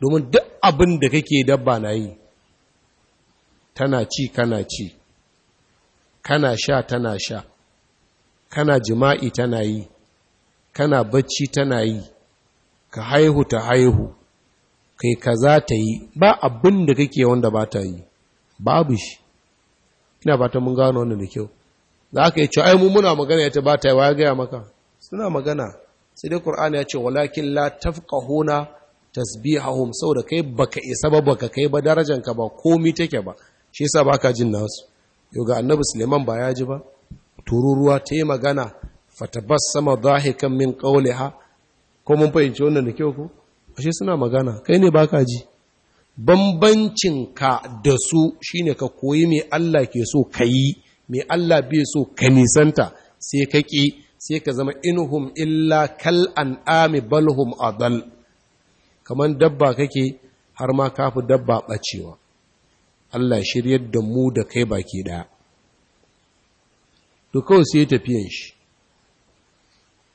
domin duk abin da kake dabba na yi tana ci kana ci kana sha tana sha kana jima'i tana yi kana bacci tana yi ka haihu ta haihu kai kaza ta yi ba abin da kake wanda ba ta yi babu shi ina ba ta mun gano wannan da kyau za ka yi cewa ai mun muna magana ya ta ba ta yi wa ya gaya maka suna magana sai dai qur'ani ya ce walakin la tafqahuna tasbihahum saboda kai baka isa ba baka kai ba ka ba komi take ba shi yasa baka jin nasu yau ga annabi suleiman ba ya ji ba tururuwa ta yi magana fatabassama zahikan min qawliha ko mun fahimci wannan da kyau ko ashe suna magana kai ne baka ji bambancin ka da su shine ka koyi mai Allah ke so kayi mai Allah bai so ka nisanta sai ka ki sai ka zama inhum illa kal an'ami balhum adal kamar dabba kake har ma kafi dabba ɓacewa Allah shiryar da mu da kai baki ɗaya to kawai sai tafiyan shi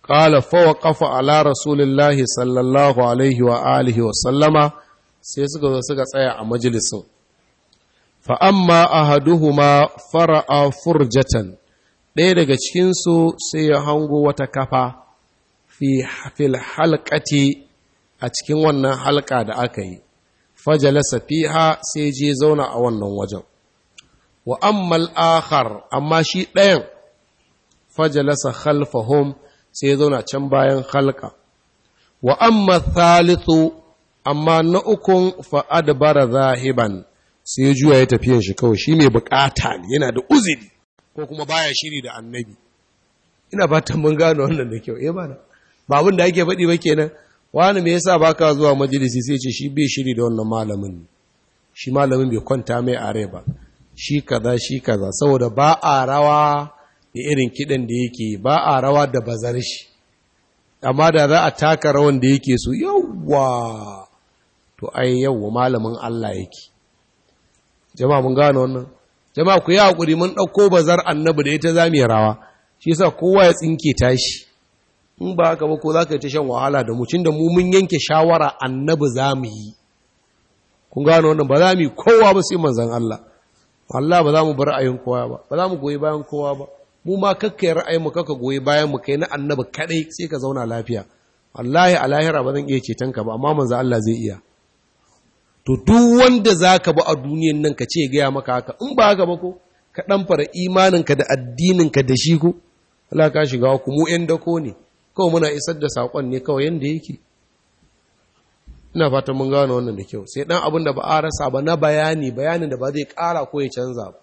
ƙala fawa ƙafa ala rasulillahi sallallahu alaihi wa alihi wa sallama sai suka zo suka tsaya a majalisin fa amma ahaduhuma fara'a furjatan ɗaya daga cikinsu sai ya hango wata kafa fi fil a cikin wannan halka da aka yi fajala safiha sai je zauna a wannan wajen wa ammal akhar amma shi ɗayan fajalasa khalfahum sai ya zauna can bayan halka wa amma thalithu amma na ukun fa'adbara zahiban sai ya juya ya tafiyan shi kawai shi mai bukata ne yana da uzuri ko kuma baya shiri da annabi ina fatan mun gano wannan da kyau eh na. ba abin da ake faɗi ba kenan wani me yasa baka zuwa majalisi sai ce shi bai shiri da wannan malamin shi malamin bai kwanta mai are ba shi kaza shi kaza saboda ba a rawa da irin kidan da yake ba a rawa da bazar shi amma da za a taka rawan da yake su yawwa to ai yawwa malamin Allah yake jama'a mun gano wannan jama'a ku yi hakuri mun dauko bazar annabi da ita za yi rawa shi yasa kowa ya tsinke tashi in ba haka ba ko za ka yi ta shan wahala da mu da mu mun yanke shawara annabi za mu yi kun gano wannan ba za mu yi kowa ba sai manzan Allah Allah ba za mu bar ra'ayin kowa ba ba za mu goyi bayan kowa ba mu ma kakkai ra'ayin mu kaka goyi bayan mu kai na annabi kadai sai ka zauna lafiya wallahi a lahira ba zan iya ceton ka ba amma manzan Allah zai iya to duk wanda za ka ba a duniyan nan ka ce gaya maka haka in ba haka ba ko ka dan fara imaninka da addininka da shi ko Allah ka shiga ku mu yan dako ne kawai muna isar da saƙon ne kawai yadda yake ina fatan mun gano wannan da kyau sai dan abin da ba a rasa ba na bayani bayanin da ba zai ƙara ko ya canza ba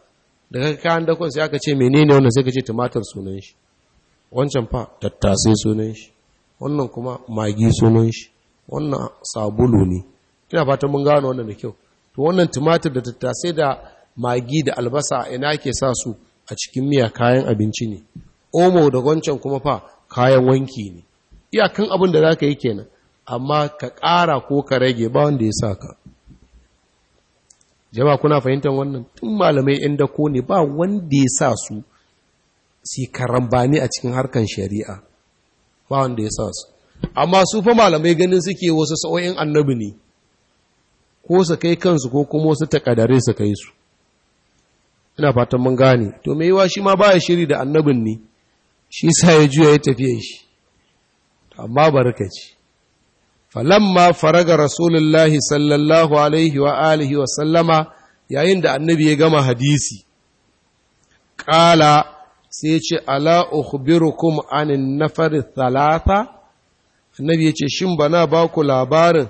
daga kayan dakon sai aka ce menene wannan sai ka ce tumatir sunan shi wancan fa tattasai sunan shi wannan kuma magi sunan shi wannan sabulu ne ina fatan mun gano wannan da kyau to wannan tumatir da tattasai da magi da albasa ina ke sa su a cikin miya kayan abinci ne omo da gwancan kuma fa kayan wanki ne iyakan abin da za ka yi kenan amma ka ƙara ko ka rage ba wanda ya sa ka jama kuna fahimtar wannan tun malamai yan dako ne ba wanda ya sa su si karambani a cikin harkan shari'a ba wanda ya sa su amma su fa malamai ganin suke wasu sa'o'in annabi ne ko su kai kansu ko kuma wasu takadare su kai su ina fatan mun gane to me yiwa shi ma baya shiri da annabin ne shi sa ya juya ya tafiye shi amma barkaci falamma faraga rasulullahi sallallahu alaihi wa alihi wa sallama yayin da annabi ya gama hadisi ƙala sai ce ala ukhbirukum anin nafar thalatha annabi ya ce shin bana ba ku labarin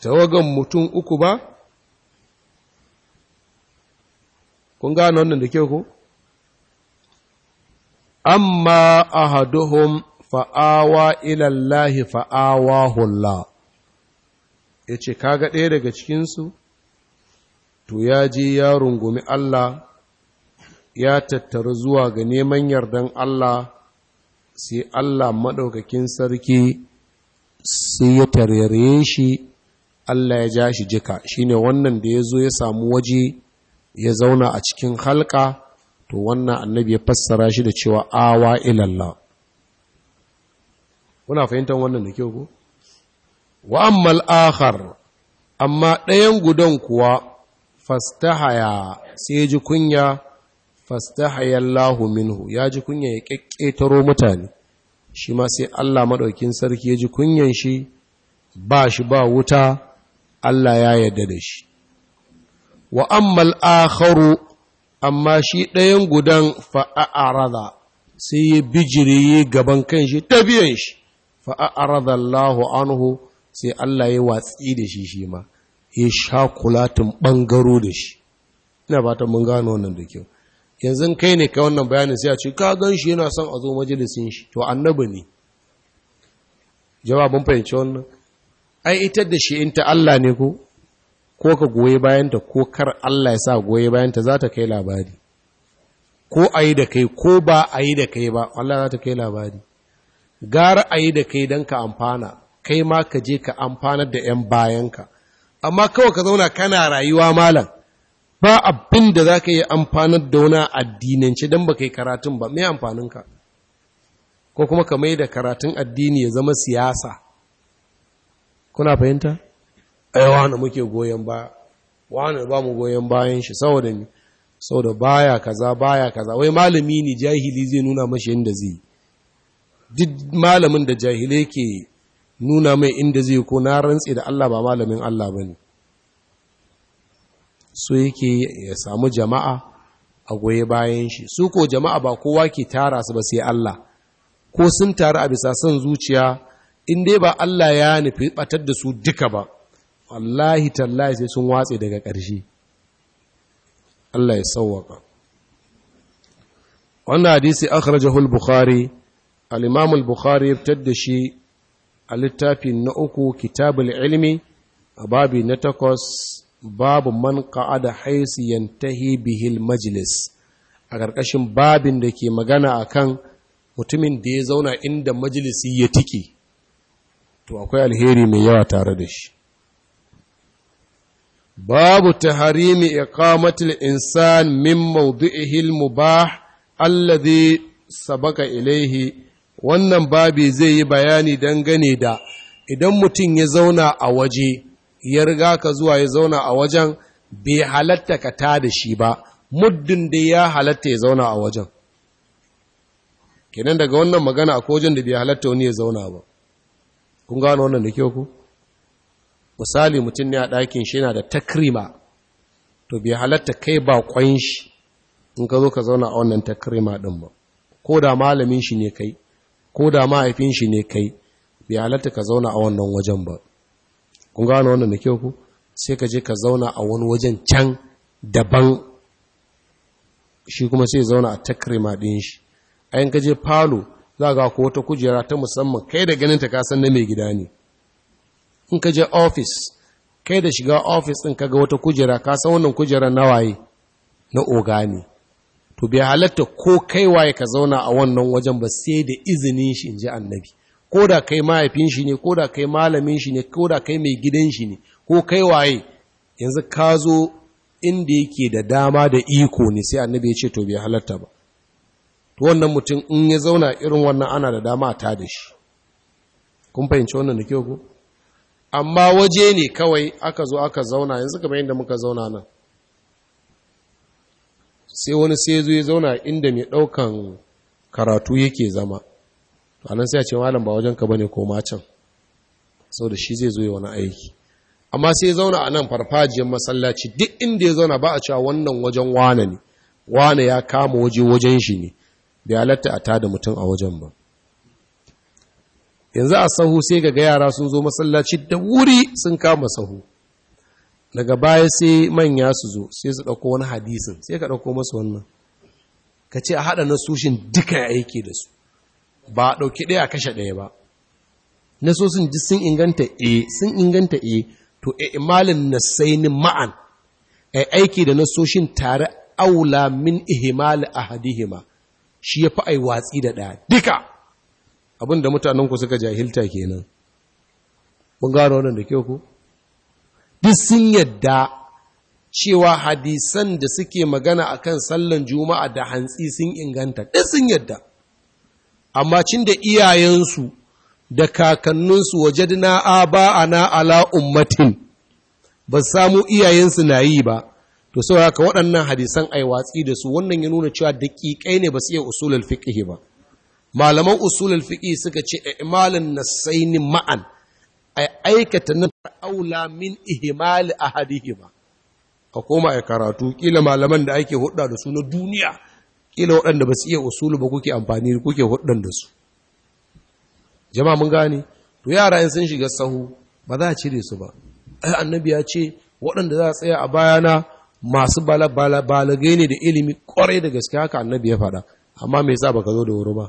tawagan mutum uku ba kun gane wannan da ke ku. amma ahaduhum fa'awa ilallahi fa'awa hula ya ce kaga ɗaya daga cikinsu to ya je ya rungumi Allah ya tattaru zuwa ga neman yardan Allah sai Allah maɗaukakin sarki sai ya tarere shi Allah ya ja shi jika shine wannan da ya zo ya samu waje ya zauna a cikin halka to wannan annabi ya fassara shi da cewa awa ilallah kuna fahimtar wannan da kyau ko wa ammal akhar amma ɗayan gudan kuwa fastahaya sai ji kunya fastahaya Allahu minhu ya ji kunya ya kekketaro mutane shi ma sai Allah maɗaukin sarki ya ji kunyan shi ba shi ba wuta Allah ya yarda da shi wa ammal akharu amma shi ɗayan gudan fa'a'arada sai ya bijiriye gaban kan shi ta biyan shi fa'a'arada Allahu anhu sai Allah ya watsi da shi shi ma ya sha kulatin ɓangaro da shi ina ba ta mun gano wannan da kyau yanzu kai ne ka wannan bayanin sai a ce ka gan shi yana son a zo majalisin shi to annabi ne jawabin fahimci wannan ai ita da shi in ta Allah ne ko ko ka goyi bayanta ko kar Allah ya sa goye bayanta za ta kai labari ko a yi da kai ko ba a yi da kai ba Allah za ta kai labari gara a yi da kai don ka amfana kai ma ka je ka amfanar da 'yan bayanka amma kawai ka zauna kana rayuwa malam ba abin da za ka yi amfanar da wani addinance don ba ka yi karatun ba mai amfaninka ko kuma ka mai da karatun addini ya zama siyasa kuna fahimta ai wani muke goyon baya wani ba mu goyon bayan shi saboda saboda baya kaza baya kaza wai malami ne jahili zai nuna mashi inda zai duk malamin da jahilai ke nuna mai inda zai ko na rantse da Allah ba malamin Allah bane so yake ya samu jama'a a goye bayan shi su ko jama'a ba kowa ke tara su ba sai Allah ko sun taru a bisa son zuciya in dai ba Allah ya nufi batar da su duka ba wallahi tallahi sai sun watse daga ƙarshe Allah ya sauwaka wannan hadisi akhrajahu al-bukhari al-imam al-bukhari da shi a littafi na uku kitabul ilmi a babi na takwas babu man qa'ada haisi yantahi bihil majlis a ƙarƙashin babin da ke magana akan mutumin da ya zauna inda majalisi ya tiki to akwai alheri mai yawa tare da shi babu تحريم إقامة الإنسان min موضعه المباح الذي سبق إليه ilaihi wannan babi zai yi bayani dangane da idan mutum ya zauna a waje ya riga ka zuwa ya zauna a wajen bai halatta ka ta da shi ba muddin da ya halatta ya zauna a wajen kenan daga wannan magana a kojin da bai halatta wani ya zauna ba kun gano wannan da kyau ku misali mutum ne a ɗakin shi yana da takrima to bai halatta kai bakon shi in ka zo ka zauna a wannan takrima ɗin ba ko da malamin shi ne kai ko da mahaifin shi ne kai bai halatta ka zauna a wannan wajen ba kun gano wannan da kyau ku sai ka je ka zauna a wani wajen can daban shi kuma sai zauna a takrima ɗin shi a yin ka je falo za ga ko wata kujera ta musamman kai da ganin ta kasan na mai gida ne in ka je ofis kai da shiga ofis ɗin ga wata kujera ka san wannan kujerar nawaye na ogani to bai halatta ko kai waye ka zauna a wannan wajen ba sai da izinin shi in ji annabi ko da kai mahaifin shi ne ko da kai malamin shi ne ko da kai mai gidan shi ne ko kai waye yanzu ka zo inda yake da dama da iko ne sai annabi ya ce to bai halatta ba to wannan mutum in ya zauna irin wannan ana da dama a tada shi kun fahimci wannan da kyau ko amma waje ne kawai aka zo aka zauna yanzu kamar yadda muka zauna nan sai wani sai zo ya zauna inda mai ɗaukan karatu yake zama to anan sai a ce malam ba wajen ka bane ko ma saboda shi zai zo ya wani aiki amma sai zauna a nan farfajiyar masallaci duk inda ya zauna ba a cewa wannan wajen wane ne wane ya kama waje wajen shi ne bai halatta a tada mutum a wajen ba yanzu a sahu sai ga yara sun zo masallaci da wuri sun kama sahu daga baya sai manya su zo sai su ɗauko wani hadisin sai ka ɗauko masu wannan ka ce a haɗa na sushin duka aiki da su ba a ɗauki ɗaya a kashe ɗaya ba na sun ji sun inganta e sun inganta e to e imalin na sai ni ma'an a aiki da na soshin tare aula min ihimali a hadihima shi ya fi ai watsi da ɗaya duka abin da mutanenku suka jahilta kenan mun gano wannan da kyau ku duk sun yadda cewa hadisan da suke magana akan sallan juma'a da hantsi sun inganta duk sun yadda amma cin da iyayensu da kakanninsu wajadna a ala ummatin ba samu iyayensu na yi ba to ka waɗannan hadisan aiwatsi watsi da su wannan ya nuna cewa daƙiƙai ne ba su iya usulul fiqh ba malaman usulul fiqi suka ce na nasaini ma'an ay aikata na aula min ihmal ahadihima a koma a karatu kila malaman da ake hudda da su na duniya ƙila waɗanda ba su iya usulu ba kuke amfani kuke huddan da su jama'a mun gane to yara in sun shiga sahu ba za a cire su ba ai annabi ya ce waɗanda za a tsaya a bayana masu balagai ne da ilimi kwarai da gaske haka annabi ya faɗa amma me yasa baka zo da wuri ba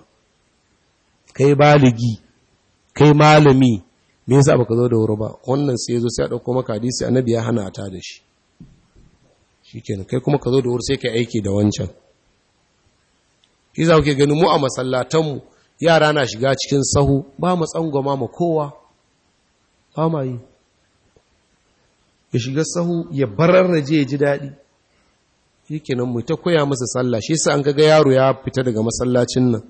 kai baligi kai malami me yasa baka zo da wuri ba wannan sai yazo sai a dauko maka hadisi annabi ya hana ta da shi shikenan kai kuma ka zo da wuri sai kai aiki da wancan kiza kuke gani mu a masallatan mu yara na shiga cikin sahu ba mu tsangoma mu kowa ba ma yi ya shiga sahu ya bararraje ya ji daɗi shikenan mu ta koya masa sallah shi yasa an ga yaro ya fita daga masallacin nan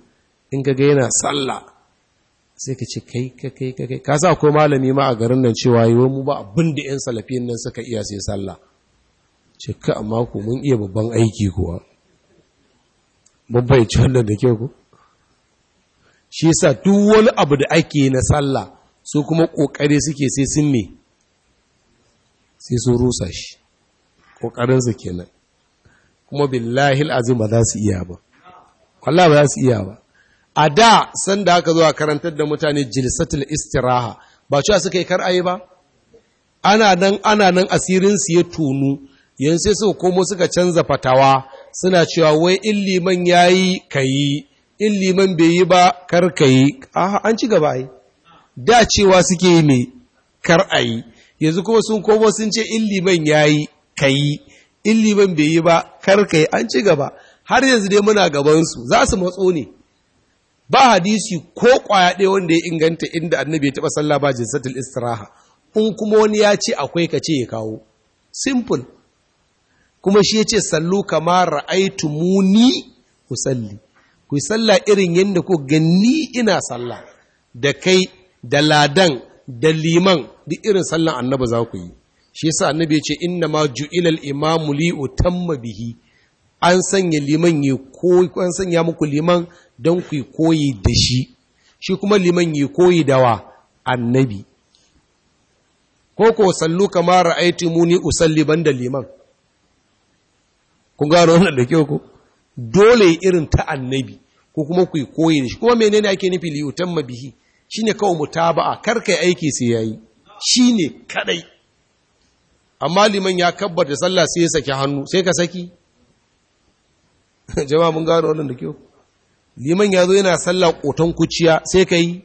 in ga yana sallah sai ka ce kai kai kai ka sa ko malami ma a garin nan cewa yi mu ba abin da 'yan salafin nan suka iya sai sallah ce ka amma ku mun iya babban aiki kuwa babban ci wannan da ke ku shi sa duk wani abu da ake na sallah su kuma kokari suke sai sun me sai sun rusa shi kokarinsa kenan kuma billahi azim ba su iya ba ba za su iya ba a da sanda aka zo a karantar da mutane jilsatul istiraha ba cewa suka yi kar'ayi ba ana nan ana nan asirin su ya tunu yanzu sai suka komo suka canza fatawa suna cewa wai in liman yayi kayi in liman bai yi ba kar kayi Aha an ci gaba ai da cewa suke yi me kar'ayi yanzu kuma sun komo sun ce in liman yayi kayi in liman bai yi ba kar kayi an ci gaba har yanzu dai muna gaban su za su matso ne ba hadisi ko kwaya ɗaya wanda ya inganta inda annabi ya taɓa sallah ba jinsatul istiraha in kuma wani ya ce akwai ka ce ya kawo simple kuma shi ya ce sallu kama ra'aitu muni ku salli ku yi sallah irin yadda ku gani ina sallah da kai da ladan da liman duk irin sallan annabi za ku yi shi yasa annabi ya ce inna ma ju'ilal imamu li utamma bihi an sanya liman ya koyi an sanya muku liman don ku koyi da shi shi kuma liman ya koyi da wa annabi ko ko sallu kama ra'aiti muni usalli banda liman kun gano wannan da kyau ko dole irin ta annabi ko kuma ku koyi da shi kuma menene ake nufi li utamma bihi shine kawai mutaba'a kar kai aiki sai yayi shine kadai amma liman ya kabbata sallah sai ya saki hannu sai ka saki jama'a mun gano wannan da kyau liman ya zo yana sallah ƙoton kuciya sai ka yi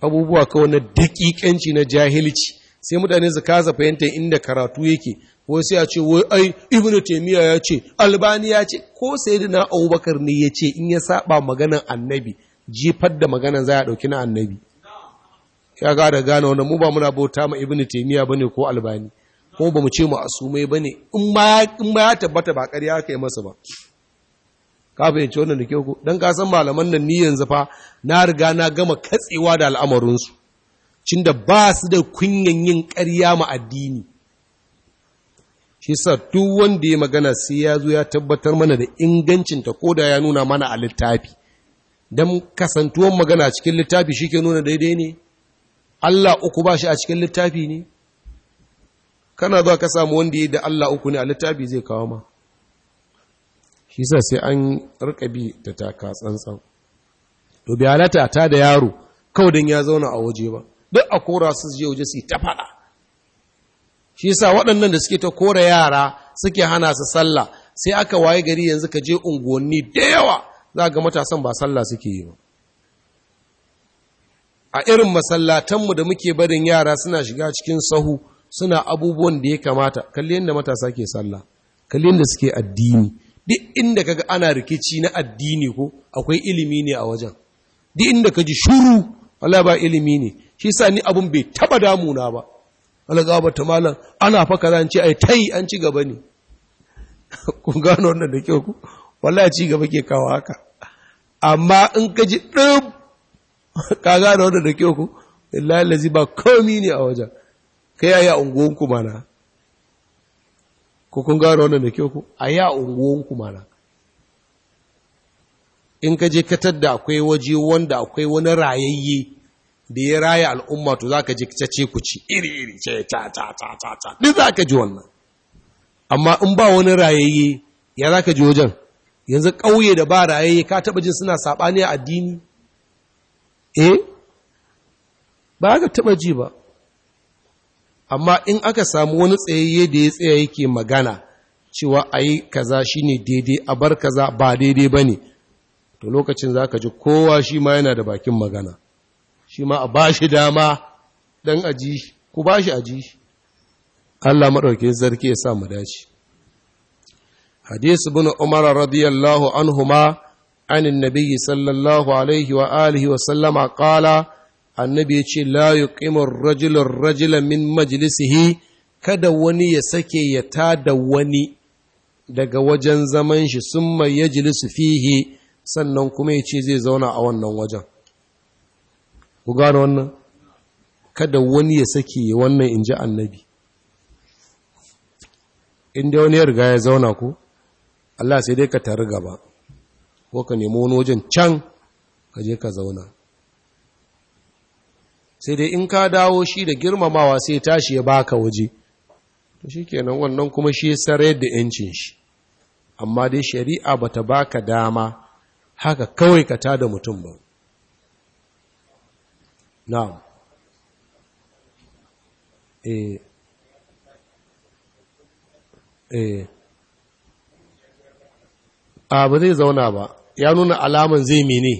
abubuwa kawai na daƙiƙanci na jahilci sai mutane su kasa fahimta inda karatu yake ko sai a ce wai ai ibnu taymiya ya ce albani ya ce ko sayyidina abubakar ne ya ce in ya saba maganan annabi jifar da maganan za a dauki na annabi ya ga da gane wannan mu ba muna bauta ma ibnu taymiya bane ko albani ko ba mu ce mu asumai ba ne in ba ya tabbata ba ƙarya ka yi masa ba ka fahimci wannan da ke ku? don ka malaman nan ni yanzu fa na riga na gama katsewa da al'amarinsu cin da ba su da kunyan yin ƙarya ma addini shi sa duk wanda ya magana sai ya zo ya tabbatar mana da ingancinta ko da ya nuna mana a littafi don kasantuwan magana cikin littafi shi ke nuna daidai ne Allah uku ba shi a cikin littafi ne kana zuwa ka samu wanda ya da Allah uku ne a littafi zai kawo ma shi sa sai an rika bi da taka tsantsan to bi halata ta da yaro kawai ya zauna a waje ba duk a kora su je waje su ta faɗa shi sa waɗannan da suke ta kora yara suke hana su sallah sai aka waye gari yanzu ka je unguwanni da yawa za ga matasan ba sallah suke yi ba a irin masallatanmu da muke barin yara suna shiga cikin sahu suna abubuwan da ya kamata kalli yadda matasa ke sallah kalli yadda suke addini duk inda kaga ana rikici na addini ko akwai ilimi ne a wajen duk inda ka ji shuru wala ba ilimi ne shi sa ni abun bai taba damuna ba wala ga bata malam ana fa kaza an ce ai tai an ci gaba ne kun gano wannan da kyau ku wallahi ci gaba ke kawo haka amma in ka ji dub ka gano wannan da kyau ku wallahi lazi ba komi ne a wajen ka yi a unguwanku mana ko kun gano wannan da kyau ku a yi a unguwanku mana in ka je katar da akwai waje wanda akwai wani rayayye da ya raya al'umma to za ka je ta ce ku ci iri-iri ce ta ta ta ta ta duk za ka ji wannan amma in ba wani rayayye ya za ka ji wajen yanzu ƙauye da ba rayayye ka taɓa jin suna saɓani a addini eh ba ka taɓa ji ba amma in aka samu wani tsayayye da ya tsaya yake magana cewa ayi kaza ne daidai a bar kaza ba daidai ba ne. to lokacin za ka ji kowa shi ma yana da bakin magana shi ma a shi dama don aji ji ku shi aji ji. Allah maɗauki zarki ya sa mu dace hadisi bin umar radiyallahu anhuma nabi sallallahu alaihi wa alihi wa sallama قال annabi ya ce la yuqimur rajulur rajula min majlisihi kada wani ya sake ya tada wani daga wajen zaman shi summa yajlisu fihi sannan kuma ya ce zai zauna a wannan wajen ku gano wannan kada wani ya sake wannan in ji annabi inda wani ya riga ya zauna ku Allah sai dai ka tare gaba ko ka nemi wani wajen can ka je ka zauna sai dai in ka dawo shi da girmamawa sai tashi ya baka waje to shikenan wannan kuma shi ya sare da yancin shi amma dai shari'a bata baka dama haka kawai ka tada mutum ba na'am eh eh a ah, ba zai zauna ba ya nuna alaman zai mene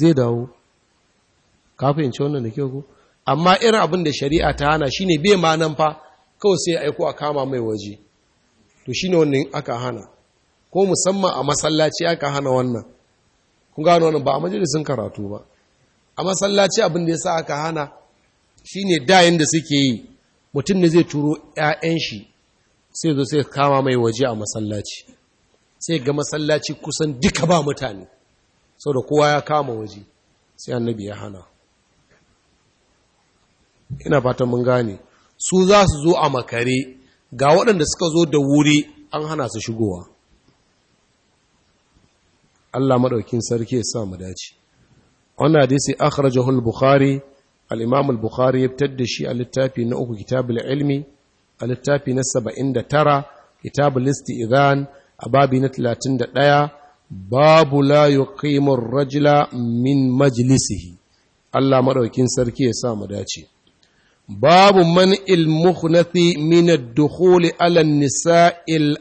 zai dawo ka fahimci wannan da ke ku? amma irin abin da shari'a ta hana shine bai ma nan fa kawai sai aiko a kama mai waje to shine wannan aka hana ko musamman a masallaci aka hana wannan kun gano wannan ba a majalisin karatu ba a masallaci abin da yasa aka hana shine da yanda suke yi mutum ne zai turo 'ya'yan shi sai zo sai kama mai waje a masallaci sai ga masallaci kusan duka ba mutane sau da kowa ya kama waje sai annabi ya hana ina fatan mun gane su za su zo a makare ga waɗanda suka zo da wuri an hana su shigowa Allah maɗaukin sarki ya sa mu dace wannan hadisi sai al-bukhari al-imam al-bukhari ya fitar da shi a littafi na uku kitabul ilmi a littafi na 79 kitabul isti'zan a babi na 31 babu la yuqimu rajula min majlisihi Allah maɗaukin sarki ya sa mu dace babu man ilmuhnathi min ad-dukhuli ala nisa'il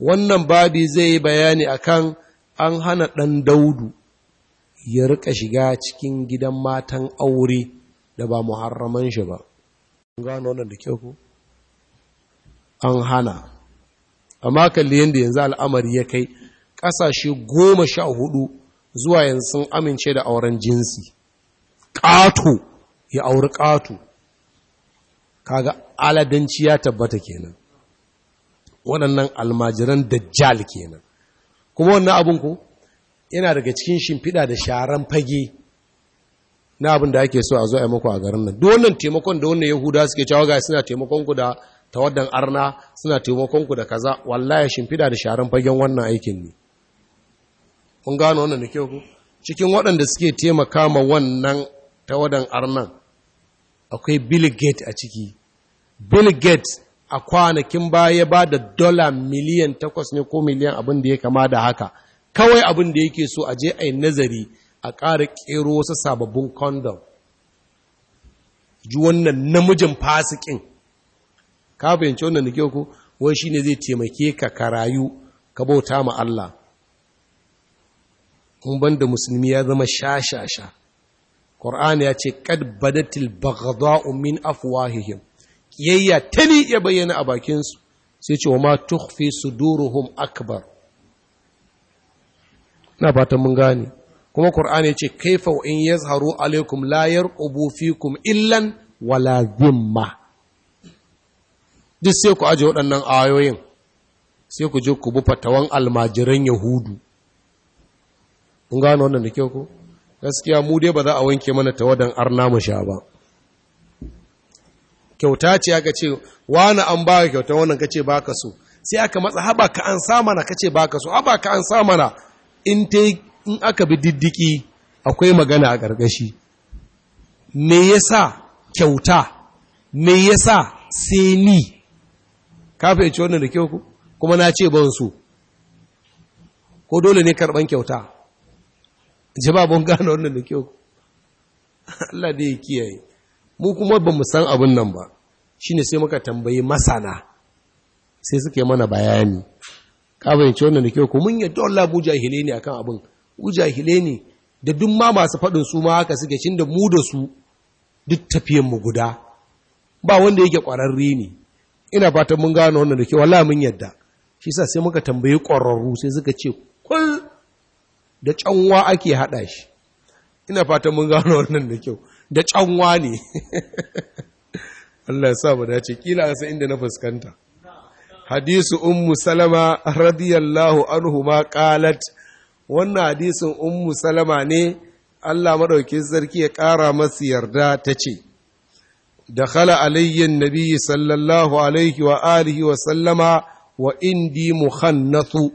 wannan babi zai yi bayani akan an hana ɗan daudu ya rika shiga cikin gidan matan aure da ba muharraman shi ba gano nan da kyau an hana amma kalli yadda yanzu al'amari ya kai ƙasashe goma sha hudu zuwa yanzu sun amince da auren jinsi ƙato ya auri ƙatu kaga aladanci ya tabbata kenan waɗannan almajiran dajjal kenan kuma wannan abin ku yana daga cikin shimfiɗa da sharan fage na abin da ake so a zo a maku a garin nan duk wannan taimakon da wannan yahuda suke cewa ga suna taimakon ku da tawaddan arna suna taimakon ku da kaza wallahi shimfiɗa da sharan fagen wannan aikin ne kun gano wannan da kyau ku cikin waɗanda suke taimaka ma wannan ta wadan arnan akwai bill gate a ciki bill gate a kwanakin baya ba da dola miliyan takwas ne ko miliyan abin da ya kama da haka kawai abin da yake so a je a yi nazari a ƙara ƙero wasu sababbin kondom ji wannan namijin fasikin ka fahimci wannan da ko wai shi ne zai taimake ka ka rayu ka bauta ma Allah in banda musulmi ya zama sha sha sha ƙur'ani ya ce Ƙad badatil baghdha'u min afwahihim kiyayya ni ya bayyana a bakinsu sai ce wa ma su suduruhum akbar na fatan mun gane kuma ƙur'ani ya ce kaifa wa in yazharu alaikum la yarqubu fikum illan wala zimma duk sai ku aje waɗannan ayoyin sai ku je ku bi fatawan almajiran yahudu mun gane wannan da kyau ko gaskiya mu dai ba za a wanke mana tawadan arna mu sha ba kyauta ce aka ce wani an ba ka kyauta wannan kace ba ka so sai aka matsa haba ka an sa mana kace ba so haba ka an sa mana in ta in aka bi diddiki akwai magana a gargashi me yasa kyauta me yasa sai ni ka fahimci wannan da kyau kuma na ce ban so ko dole ne karban kyauta jama'a gane wannan da kyau Allah da ya kiyaye mu kuma ba mu san abin nan ba Shi ne sai muka tambayi masana sai suke mana bayani ka ce wannan da kyau kuma mun yadda Allah bu jahile ne akan abin bu jahile ne da duk ma masu faɗin su ma haka suke cin da mu da su duk tafiyan mu guda ba wanda yake ƙwararre ne ina fatan mun gane wannan da kyau wallahi mun yadda shi sa sai muka tambayi ƙwararru sai suka ce da canwa ake haɗa shi ina fatan mun gano wannan da kyau da canwa ne Allah ya sa mu dace kila a san inda na fuskanta hadisu ummu salama radiyallahu anhu ma qalat wannan hadisin ummu salama ne Allah madaukin sarki ya kara masa yarda ta ce dakhala alayyan nabiy sallallahu alaihi wa alihi wa sallama wa indi mukhannathu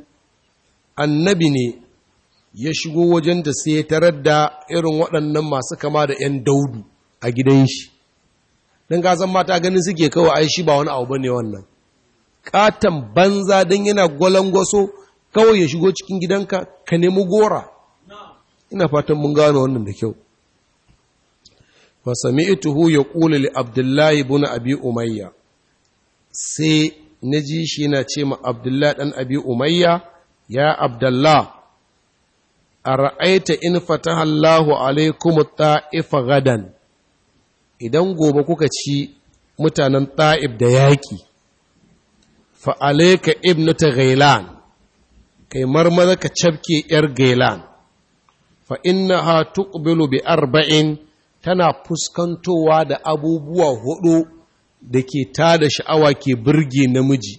annabi ne ya shigo wajen da sai ya tarar da irin waɗannan masu kama da 'yan daudu a gidan shi don gasan mata ganin suke kawai ai shi ba wani abu ne wannan katon banza don yana gwalangwaso kawai ya shigo cikin gidanka ka nemi gora ina fatan mun gano wannan da kyau fa sami'tuhu ƙuli li abdullahi ibn abi umayya sai na ji shi yana ce ma abdullahi ɗan abi umayya ya abdullah a ra'aita in fataha Allahu alaikum ta'ifa gadan idan gobe kuka ci mutanen ta'ib da yaƙi fa alayka ibnata gailan.' kai maza ka cafke ‘yar gailan, fa inna ha bi arba'in tana fuskantowa da abubuwa hudu da ke tada sha'awa ke birge namiji,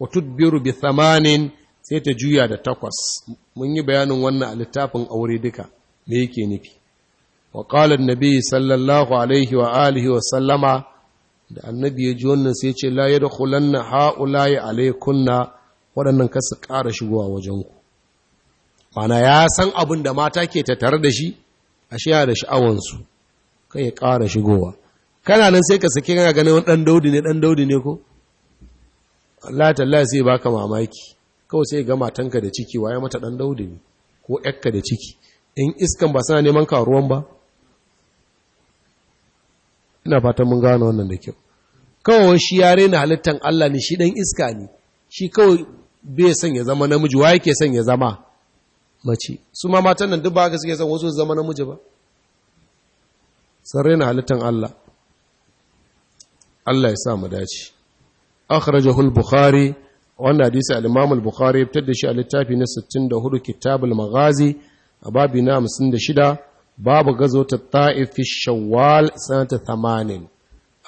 wa tudbiru bi thamanin sai ta juya da takwas mun yi bayanin wannan a littafin aure duka me yake nufi wa qala annabi sallallahu alaihi wa alihi wa sallama da annabi ya ji wannan sai ce la yadkhulanna haula'i alaikunna waɗannan kasu ƙara shigowa wajen ku mana ya san abin da mata ke tattare da shi a shiya da sha'awansu kai ya ƙara shigowa kana nan sai ka sake kana ganin ɗan daudi ne ɗan daudi ne ko Allah ta Allah sai baka mamaki kawai sai ga matanka da ciki waye mata dan daudi ne ko yakka da ciki in iskan ba suna neman ka ruwan ba ina fatan mun gano wannan da kyau kawai shi ya rena halittan Allah ne shi dan iska ne shi kawai bai son ya zama namiji waye ke son ya zama mace su ma matan nan duk ba ga suke son wasu zama namiji ba san na halittan Allah Allah ya sa mu dace akhrajahu al-bukhari wannan hadisi al-Imam al-Bukhari ya fitar da shi a littafi na 64 al Maghazi a babi na 56 babu ta Ta'if Shawwal sanata 80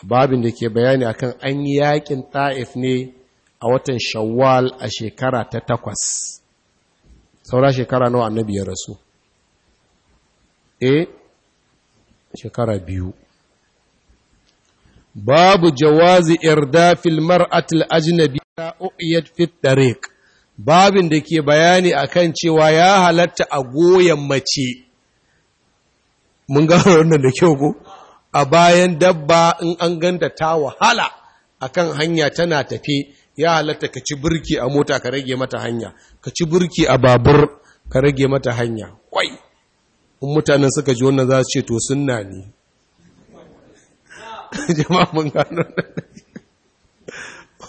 a babin da ke bayani akan an yi yakin Ta'if ne a watan Shawwal a shekara ta takwas saura shekara nawa annabi ya rasu eh shekara biyu babu jawazi إرداف المرأة الأجنبية u'iyat fit tariq babin da ke bayani akan cewa ya halatta a goyen mace mun gano wannan da kyau ko a bayan dabba in an ganta ta wahala akan hanya tana tafi ya halatta ka ci burki a mota ka rage mata hanya ka ci burki a babur ka rage mata hanya kwai in mutanen suka ji wannan za su ce to sunna ne jama'a mun gano wannan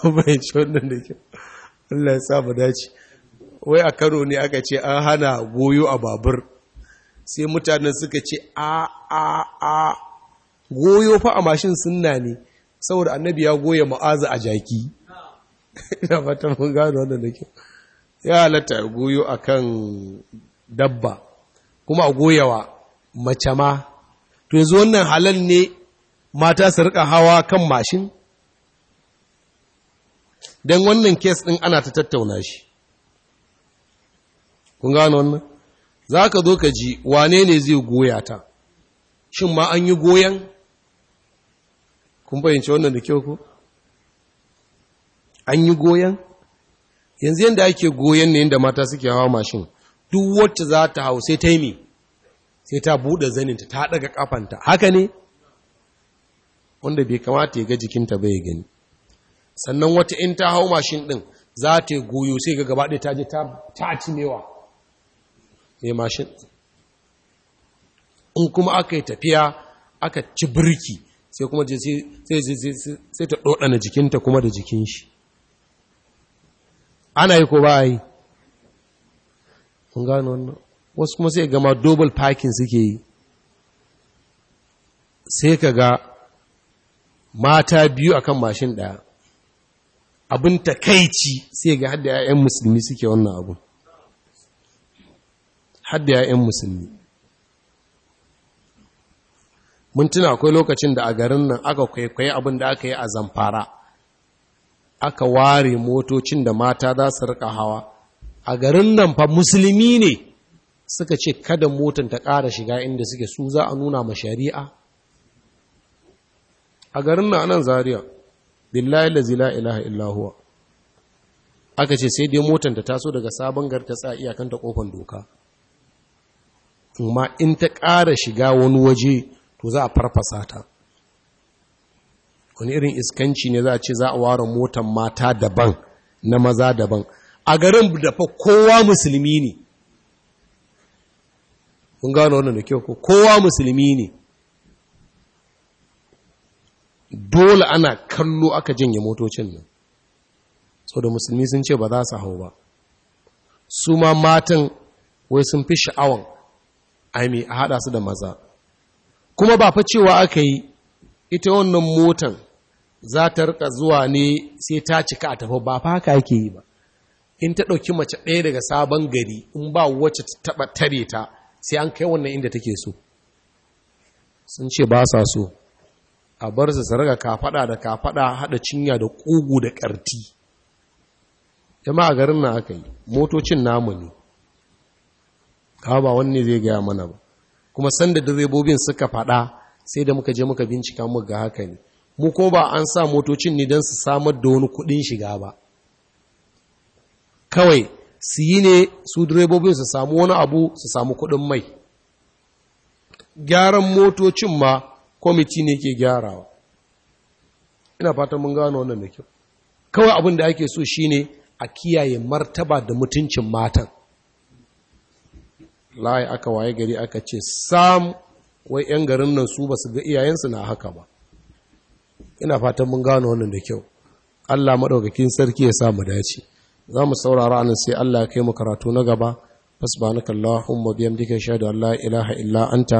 bai wannan da ke Allah ya sa mu dace wai a karo ne aka ce an hana goyo a babur sai mutanen suka ce a a a goyo fa a mashin sunna ne saboda annabi ya goya ma'aza a jaki ina fata mun gano wannan da ke ya halatta goyo akan dabba kuma a goyawa mace ma to yanzu wannan halal ne mata su rika hawa kan mashin don wannan kes ɗin ana ta tattauna shi kun gano wannan za ka zo ka ji wane ne zai goya ta shin ma an yi goyon kun fahimci wannan da kyau ko an yi goyon yanzu yadda ake goyan ne yadda mata suke hawa mashin duk wacce za ta hau sai ta yi mi sai ta buɗe zaninta ta ɗaga ƙafanta haka ne wanda bai kamata ya ga jikinta bai gani sannan wata in ta hau mashin ɗin za ta yi goyo sai ga gaba ɗaya ta je ta cimewa mai eh, mashin in kuma aka yi tafiya aka ci birki sai kuma sai ta ɗoɗana jikinta kuma da jikin shi ana yi ko ba yi kun gano wannan wasu kuma sai gama double parking suke yi sai ka ga mata biyu akan mashin ɗaya abin takaici sai ga hadda ‘ya'yan musulmi suke wannan abu hadda ‘ya'yan musulmi mun tuna akwai lokacin da a garin nan aka kwaikwayi abin da aka yi a zamfara aka ware motocin da mata za su rika hawa a garin nan fa musulmi ne suka ce kada motan ta ƙara shiga inda suke su za a nuna ma shari'a a garin nan anan zariya billahi lazi la ilaha illa huwa aka ce sai dai motar ta taso daga sabon gar ta tsaya iyakan ta kofar doka kuma in ta ƙara shiga wani waje to za a farfasa ta wani irin iskanci ne za a ce za a ware motan mata daban na maza daban a garin da fa kowa musulmi ne kun gano wannan da kyau kowa musulmi ne dole ana kallo aka janye motocin nan sau da musulmi sun ce ba za su hau ba su ma matan wai sun fi sha'awan aimi a haɗa su da maza kuma ba fa cewa aka yi ita wannan motan za ta rika zuwa ne sai ta cika a tafi ba fa haka ake yi ba in ta ɗauki mace ɗaya daga sabon gari in ba wacce ta taɓa tare ta sai an kai wannan inda take so sun ce ba sa so a bar su ka kafada da kafada hada cinya da kugu da karti jama'a garin na aka yi motocin namu ne ka ba wanne zai gaya mana ba kuma sanda direbobin suka fada sai da muka je muka bincika muka ga haka ne mu ko ba an sa motocin ne don su samar da wani kudin shiga ba kawai su yi ne su direbobin su samu wani abu su samu kudin mai gyaran motocin ma kwamiti ne ke gyarawa ina fatan mun gano wannan da kyau kawai abin da ake so shine a kiyaye martaba da mutuncin matan layi aka waye gari aka ce sam wai 'yan garin nan su ba su ga iyayensu na haka ba ina fatan mun gano wannan da kyau Allah maɗaukakin sarki ya samu dace za mu saurara anan sai Allah ya kai mu karatu na gaba fasbanaka Allahumma biyamdika dika shaidu allah ilaha illa anta